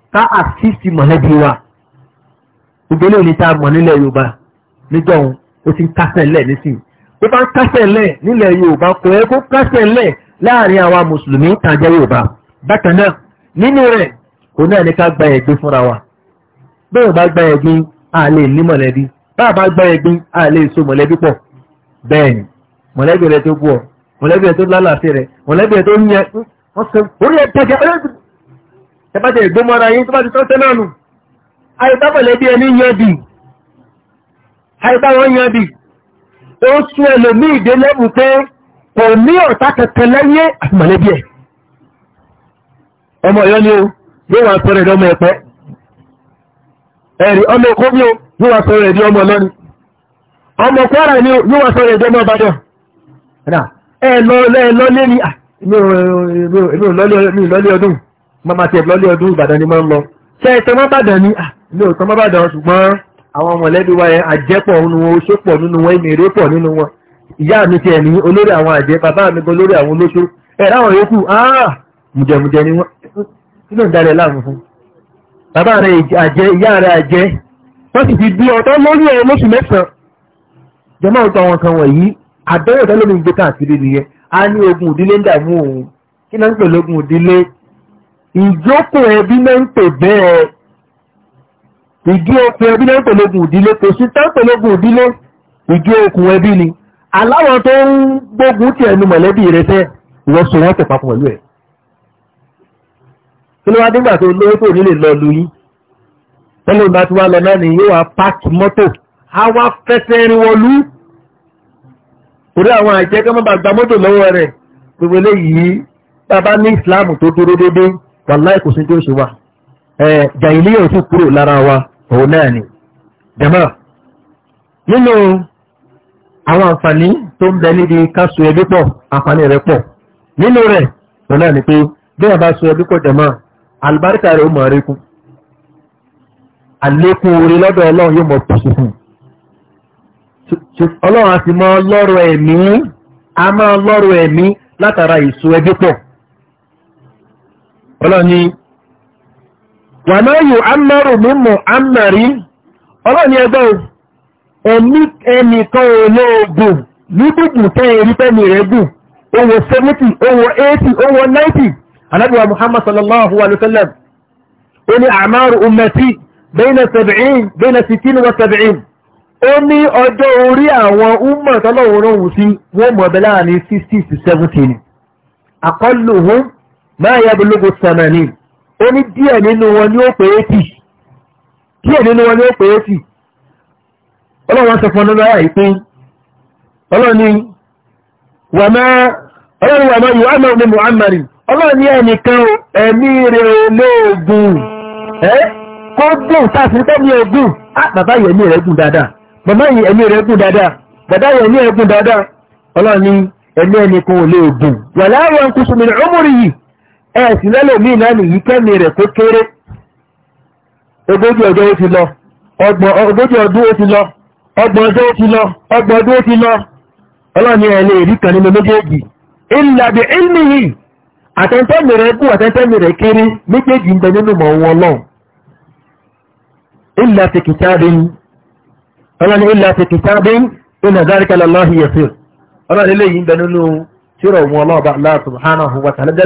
ká àfíìsì mọ̀lẹ́bí wa ìgbélé òní tá a mọ̀ nílẹ̀ Yorùbá níjọ́ òun ó ti ń kásẹ̀ ńlẹ̀ nísìnyí ó bá ń kásẹ̀ ńlẹ̀ nílẹ̀ Yorùbá kò ẹ́ kó kásẹ̀ ńlẹ̀ láàrin àwa mùsùlùmí tàjẹ́ Yorùbá bákan náà nínú rẹ̀ kò náà ní ká gba ẹ̀gbin fúnra wa bẹ́ẹ̀ bá gba ẹ̀gbin a lè ní mọ̀lẹ́bí bá a bá gba ẹ̀gbin a lè so mọ̀lẹ́bí pọ̀ bẹ́ẹ̀ ni mọ̀lẹ́bí rẹ̀ tó bú ọ tẹbátẹ̀ ìgbómọ́ra yìí tó bá ti tọ́tẹ́ náà nù àìtàpẹ̀lẹ̀ bí ẹni yànbì àìtàwọn yànbì ó sún ẹlòmí ìdé lẹ́bù pé kò ní ọ̀tá kẹkẹ lẹ́yẹ àtìmọ̀lẹ́bí ẹ̀ ọmọ ìyọ́ ni ó yóò wà sọ rẹ̀ lọ́mọ ẹ̀pẹ́ ẹ̀rì ọmọ ẹ̀kọ́ bí ó yóò wà sọ rẹ̀ di ọmọ lọ́ni ọmọ kwara ni yóò wà sọ rẹ̀ di ọmọ ọbàdàn ẹ̀ lọ lé ní ìlọ́lé ọdún mama ti ẹ̀bùlọ́lé ọdún ìbàdàn ni máa ń lọ ṣe ẹ̀sẹ̀ má bàdàn ni ní òsàn má bàdàn ṣùgbọ́n àwọn mọ̀lẹ́bí wa yẹn àjẹpọ̀ nínú wọn oṣó pọ̀ nínú wọn ìmèrè pọ̀ nínú wọn ìyá mi ti ẹ̀ní olórí àwọn àjẹ bàbá mi gan olórí àwọn olóṣó ẹ̀ ráwọn yòókù mùjẹ̀mùjẹ ni wọ́n kí ló ń darẹ̀ láàmú fún bàbá rẹ̀ àjẹ ìyá rẹ̀ àjẹ wọ́n sì ti bí ọ̀tọ́ lórí ẹ̀ lóṣù mẹ́sàn-án jẹ́mọ́ ọ̀tọ̀ àwọn kan wọ̀nyí àbẹ́rẹ́ ọ̀tọ́ lómi gbé káàkiri nìyẹn a ní ogun òdílé ń dààmú òun kí náà ń pè lógun òdílé ìjókòó ẹbí náà ń pè bẹ́ẹ̀ ìgé okùn ẹbí náà ń pè lógun ìdílé kò sí tán pè lógun ìdílé ìgé okùn ẹbí ni aláwọ̀ tó ń gbógun ti ẹnu mọ̀lẹ́bí rẹ fẹ́ wọ́n so wọ́n tẹ̀ papọ̀ pẹ̀lú ẹ̀ kí ló wá nígbà tó lówó tó nílè lọ lu yín tẹ́lẹ̀ ìgbà tí wá lọ náà ni yóò wá páàkì mọ́tò á wá fẹsẹ̀ rin wọlú torí àwọn àìjẹ́kẹ́ mọ́ba gba mọ́tò lọ́wọ́ rẹ̀ gbogbo eléyìí bàbá ní ìsìláàmù tó dúró déédéé wàláì kò sí tí ó ṣe wà jàìlíyà ò sì kúrò lára wa òun náà ni jama nínú àwọn àǹfààní tó ń bẹ níbi ká so ẹbí pọ̀ àǹfààní rẹ̀ pọ̀ nínú rẹ̀ òun náà ni pé bí a bá so ẹbí pọ̀ jama àlùbáríkà rẹ̀ ó mọ̀ àrékún àlékún orí lọ́dọ̀ ọlọ́run yóò mọ̀ pèsè fún ọlọ́run a mọ lọ́rọ̀ ẹ̀mí a máa lọ́rọ̀ ẹ̀mí látara ìso ẹbí pọ̀ ọlọ́ni wà náà yóò amẹ́rù mímọ̀ amẹ́rí ọlọ́ni ẹgbẹ́ ẹnìkan olè ògùn ní gbùgbù tẹ́ èrí pẹ́mì rẹ̀ gùn owó 70 owó 80 owó 90 alábíwá muhammad sallallahu alaihi wasallam ó ní àmàrù ummati bẹ́ẹ̀nà 70 bẹ́ẹ̀nà 60 wa 70 ó ní ọjọ́ orí àwọn ummah tọ́lọ̀wọ̀n sí wọ́n mọ̀ bẹ́lá ní 60 to 70 aqalluhum máa ya bụ sàmàní ó ní díẹ̀ nínú wọn ni ó pé étì díẹ̀ nínú wọn ni ó pé étì ọlọ́run sọ fún ọdún ni wà máa ọlọ́run wà máa yóò àmà omi muhammad ọlọ́run ní ẹnìkan ẹ̀mí rẹ̀ olóògùn ẹ́ kó gùn sáfíntẹ́mí ogun á bàbá yìí ẹ̀mí rẹ̀ gùn dáadáa bàbá yìí ẹ̀mí rẹ̀ gùn dáadáa bàbá yìí ẹ̀mí rẹ̀ gùn dáadáa ẹ̀mí ẹnìkan olóògùn ẹ̀ẹ̀sì lẹ́lòmíì náà nìyí kẹ́mi rẹ̀ tó kéré ogójì ọjọ́ lọ ọdún ó ti lọ ọgbọ̀n ọjọ́ ó ti lọ ọgbọ̀n ọdún ó ti lọ ọlọ́ni ẹ̀ lè kan nínú méjèèjì ìlàbí ìlmìhì àtẹ́ntẹ́mì rẹ̀ kú àtẹ́ntẹ́mì rẹ̀ kéré méjèèjì ń bẹ nínú mọ̀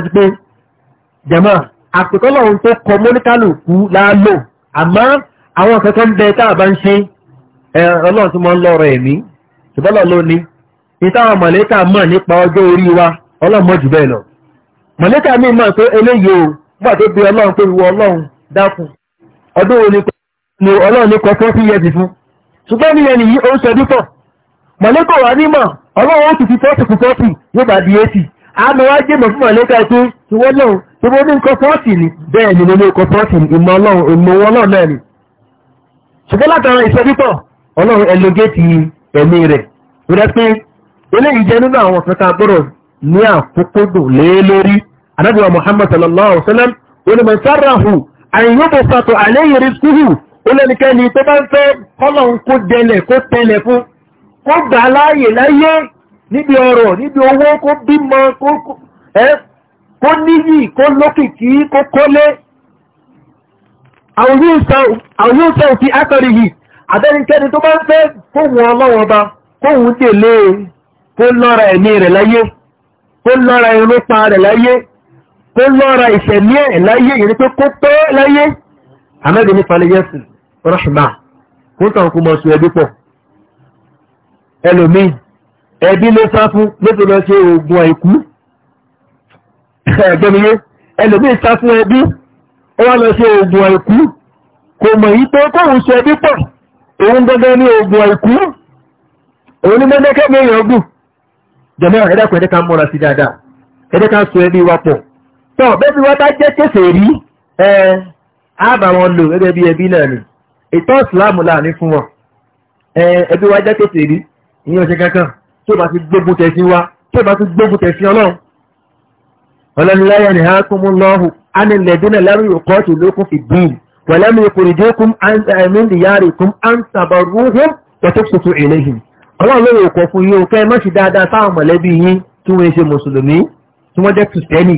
wọn jẹ̀mọ́ àpèkọ́lọ̀ ohun tó kọ mọ́níkálùkù láàlò àmọ́ àwọn kẹ́kẹ́ ń bẹ táà bá ń ṣe ọlọ́run tí wọ́n lọ́rọ̀ ẹ̀mí ṣùgbọ́lọ̀ lónìí ní táwọn mọ̀lẹ́kà mọ̀ nípa ọjọ́ orí wa ọlọ́run mọ̀ jù bẹ́ẹ̀ lọ mọ̀lẹ́kà mi mọ̀ pé eléyìí o gbà tó bí ọlọ́run pé ìwọ ọlọ́run dákun ọdún wo ni ọlọ́run ní kọ fún fi yẹ ti fún ṣùgbọ́n ní ẹni yìí ó ń ṣọdún pọ̀ mọ̀lẹ́kà wà nímọ̀ ọlọ́run ó ti fi fọ́ọ̀tì fún fọ́ọ̀tì yóò bá di 80 àmọ́ wá jẹ́ mọ̀ fún mọ̀lẹ́kà pé ìwọ ọlọ́run tó bó ní nǹkan fọ́ọ̀tì ni bẹ́ẹ̀ ni mo ní nǹkan fọ́ọ̀tì ni ìmọ̀ ọlọ́run ìmọ̀ owó ọlọ́run náà ni ṣùgbọ́n látara ìṣẹ́ pípọ̀ ọlọ́run ẹlogéètì ẹ̀mí rẹ̀ rẹ̀ pé eléyìí jẹ́ nínú àwọn ọ̀sẹ̀ká gbọ́dọ̀ ní àkókò dùn lé Muhammad sallallahu alaihi wa sallam onímọ̀ sárahu àyìnbó sàtò àléyìn rìskúhù ó lẹ́nikẹ́ni tó bá ń fẹ́ kọ́lọ̀un kó dẹlẹ̀ kó tẹlẹ̀ kó níyì kó lókìkí kó kólé àwọn yóò sọ òfin akọrin yìí àbẹ́nikẹ́ni tó bá ń fẹ́ fóhun ọlọ́wọ́ ọba fóhun dèlé e, kó lọ́ra ẹ̀mí rẹ̀ láyé kó lọ́ra irúpa rẹ̀ láyé kó lọ́ra ìṣẹ̀mí ẹ̀ láyé ìrí pé kó pẹ́ láyé amẹ́bìnrin falẹ̀ yẹ́sì rọ́ṣùmá kó tàn kó mọ̀ sí ẹbí pọ̀ ẹlòmíì ẹbí ló sá fún lóṣèlú ṣe oògùn àìkú ẹ̀gbẹ́miyé ẹlòmí ìta fún ẹbí ó wá lọ ṣe oògùn àìkú kò mọ̀ yí pé kóhùn ṣe ẹbí pọ̀ òun gẹ́gẹ́ ní oògùn àìkú òun ní mẹ́lẹ́kẹ́ mẹ́rin ọgbùn jẹ̀mọ́ ẹ̀dẹ́kùn ẹ̀dẹ́ka mọ́ra sí dáadáa ẹ̀dẹ́ka sọ ẹbí wa pọ̀ tọ́ bẹ́bí wá bá jẹ́ kéfèé rí ẹ ábà wọn lò gẹ́gẹ́ bí ẹbí náà ni ìtọ́ ìsìláàmù láàrin fún wọn ẹbí wá jẹ́ kéfèé rí ìyẹn ọ̀sẹ̀ kankan tí ó bá ti gbógun tẹ̀sí wa tí ó bá ti gbógun tẹ̀sí ọlọ́run ọlọ́nìláyà ni hákùnmúlọ́hù ánìlẹ̀dínà lẹ́rù ìkọ́tù lókún fi dín wọ̀lẹ́mù ìkùrìdíkùn àmìlìyàrìkùn àǹsàbàrúhùn tọ́tọ́kùtù ìlẹ́hìn ọlọ́run ló kọ̀ fún yín o kẹ́ má ṣe dáadáa sáwọn mọ̀lẹ́bí yín tí wọ́n ṣe mùsùlùmí tí wọ́n jẹ́ kìrìsìtẹ́nì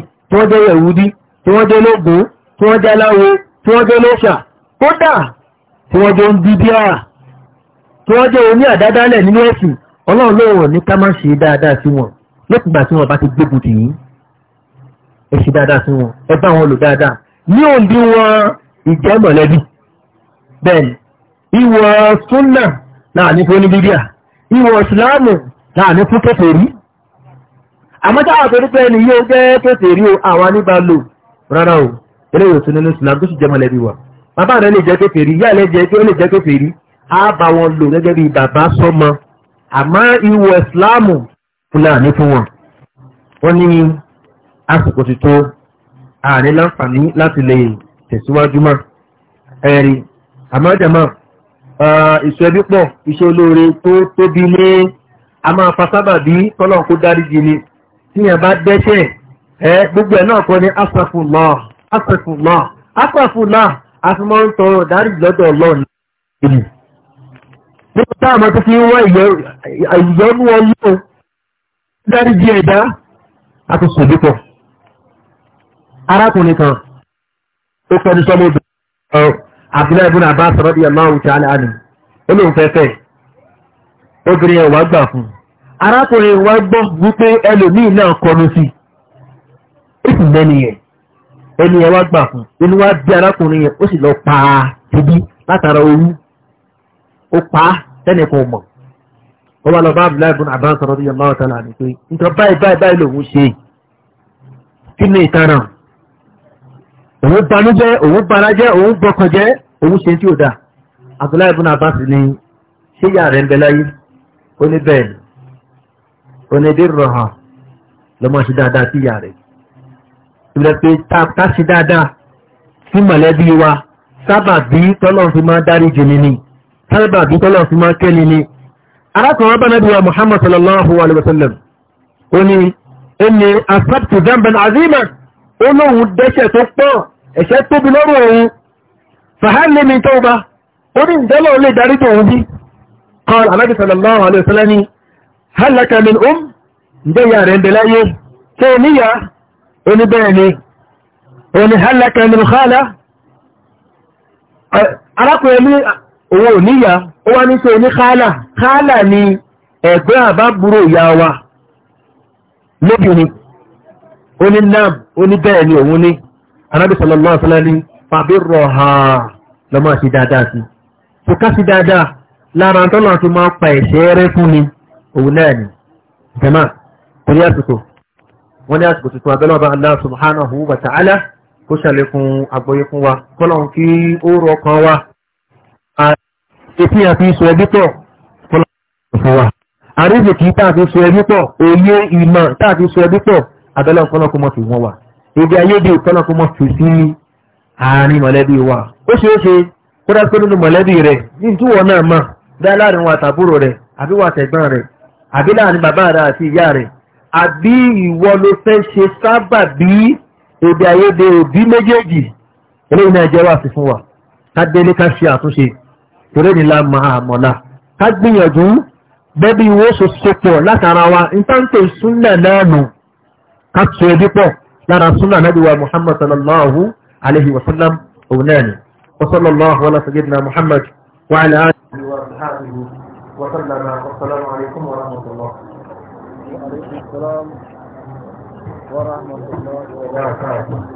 tí wọ́n jẹ́ ẹ ṣe dáadáa sí wọn ẹ bá wọn lò dáadáa ní òǹdí wọn ìjẹ́ mọ̀lẹ́bí bẹ́ẹ̀ni ìwọ̀ súnà láàrin fún oníbíríà ìwọ̀ ìsìláàmù láàrin fún kèfèrí àmọ́tàwà tó rí pẹ́ẹ̀ni yóò jẹ́ kèfèrí àwọn aníbà lò rárá o eléyìí tún nínú ìsìláàmù tó sì jẹ́ mọ̀lẹ́bí wa bàbá rẹ̀ lè jẹ́ kèfèrí yá lè jẹ́ kèfèrí á bá wọn lò gẹ́gẹ́ bí bàbá sọmọ àmọ́ ìwọ̀ ìsìláàmù láàrin fún wọn wọ́n ní àsìkò ti tó ààrẹ láǹfààní láti lè tẹ̀síwájú mọ́ ẹ̀rí àmọ́jàmọ́ ìṣọ́ ẹbí pọ̀ iṣẹ́ olóore tó tóbi ní a máa fa sábà bí tọ́lọ̀ kó dáríjì ni tíyàn bá dẹ́ṣẹ̀ ẹ gbogbo ẹ̀ náà kọ́ ni asafullah asafullah asafullah afimọ́ ń tọrọ dáríjì lọ́dọ̀ ọlọ́run ní nípa táàmà tó fi ń àti sòdípọ̀ arákùnrin kan ó fẹ́ni sọ́mọ́dún ọ̀rọ̀ Abdullahi ibn Abbas radiyallahu ta'ala anhu ó lóun fẹ́fẹ́ obìnrin ẹ̀wà gbà fún arákùnrin wa gbọ́ wípé ẹlòmíì náà kọnu sí ó sì mẹ́ni yẹn ẹni ẹ̀wà gbà fún inú wa bí arákùnrin yẹn ó sì lọ pa tibí látara ooru ó pa tẹ́nìkan mọ̀ ó wà lọ bá Abdullahi ibn Abbas radiyallahu ta'ala anhu pé nǹkan báyìí báyìí báyìí lòun ṣe kí òun banújẹ́ òun banajẹ́ òun bọkànjẹ́ òun ṣe tí ó dá Abdullahi ibn Abbas ni ṣé yà rẹ̀ ń bẹ láyé ó ní bẹ́ẹ̀ ó ní dírọ̀ hàn lọ́mọ ṣe dáadáa sí yà rẹ̀ ìrẹ̀ pé tá ṣe dáadáa sí mọ̀lẹ́bí wa sábà bí tọ́lọ́n fi máa dárí jù ní ni sábà bí tọ́lọ́n fi máa kẹ́ ni arákùnrin bá wa Muhammad sallallahu alaihi wasallam ó ní ẹni asabtu zamban aziman ó lóun dẹ́ṣẹ̀ tó pọ̀ ẹ̀ṣẹ̀ tóbi lọ́rùn òun fàhálẹ́ mi tó bá ó ní ìdẹ́lọ́ lè darí tòun bí kan alábi sallallahu alaihi wasallam ni halaka min um ǹdẹ́yà rẹ̀ ń ni ó náà ó ní bẹ́ẹ̀ ni òun ní anábì sallallahu alaihi wasallam ní fàbí rọ̀ ha lọ́mọ sí dáadáa sí kò ká sí dáadáa lára tó lọ́n ti máa pa ẹ̀ṣẹ̀ rẹ́ fún ni òun náà ni jama torí àsìkò wọ́n ní àsìkò tuntun abẹ́lẹ́ ọba Allah subhanahu wa ta'ala kó ṣàlékún àgbọ́yé fún wa kọ́lọ́n kí ó rọ kan wa àti àfi sọ ẹbí pọ̀ kọ́lọ́n fún wa àríṣìkí tá a sọ ẹbí pọ̀ òye ìmọ̀ tá sọ ẹbí pọ̀ abẹ́lẹ́ ọ̀pọ̀lọpọ̀ mọ́ fi wọ́n wa èdè ayédè ìtọ́nà kó mọ̀ fi sí àárín mọ̀lẹ́bí wa ó ṣe é ṣe kó dá pé nínú mọ̀lẹ́bí rẹ̀ ní ìtúwọ̀ náà mọ̀ dá láàrin wọn àtàbúrò rẹ̀ àbí wọn àtẹ̀gbọ́n rẹ̀ àbí láàrin bàbá rẹ̀ àti ìyá rẹ̀ àbí ìwọ ló fẹ́ ṣe sábà bí èdè ayédè òbí méjèèjì eléyìí náà jẹ́ wà sí fún wa ká délé ká ṣe àtúnṣe torí ni la mọ̀ àmọ̀lá ká gbìyànjú bẹ́bí wo sopọ̀ látara wa ìtàǹtẹ̀ ìsúnlẹ̀ náà nù ká tún ẹbí pọ̀ لا رسول الله هدوى محمد صلى الله عليه وسلم أولاني وصلى الله على سيدنا محمد وعلى آله وصحبه وسلم والسلام عليكم ورحمة الله وعليكم السلام ورحمة الله وبركاته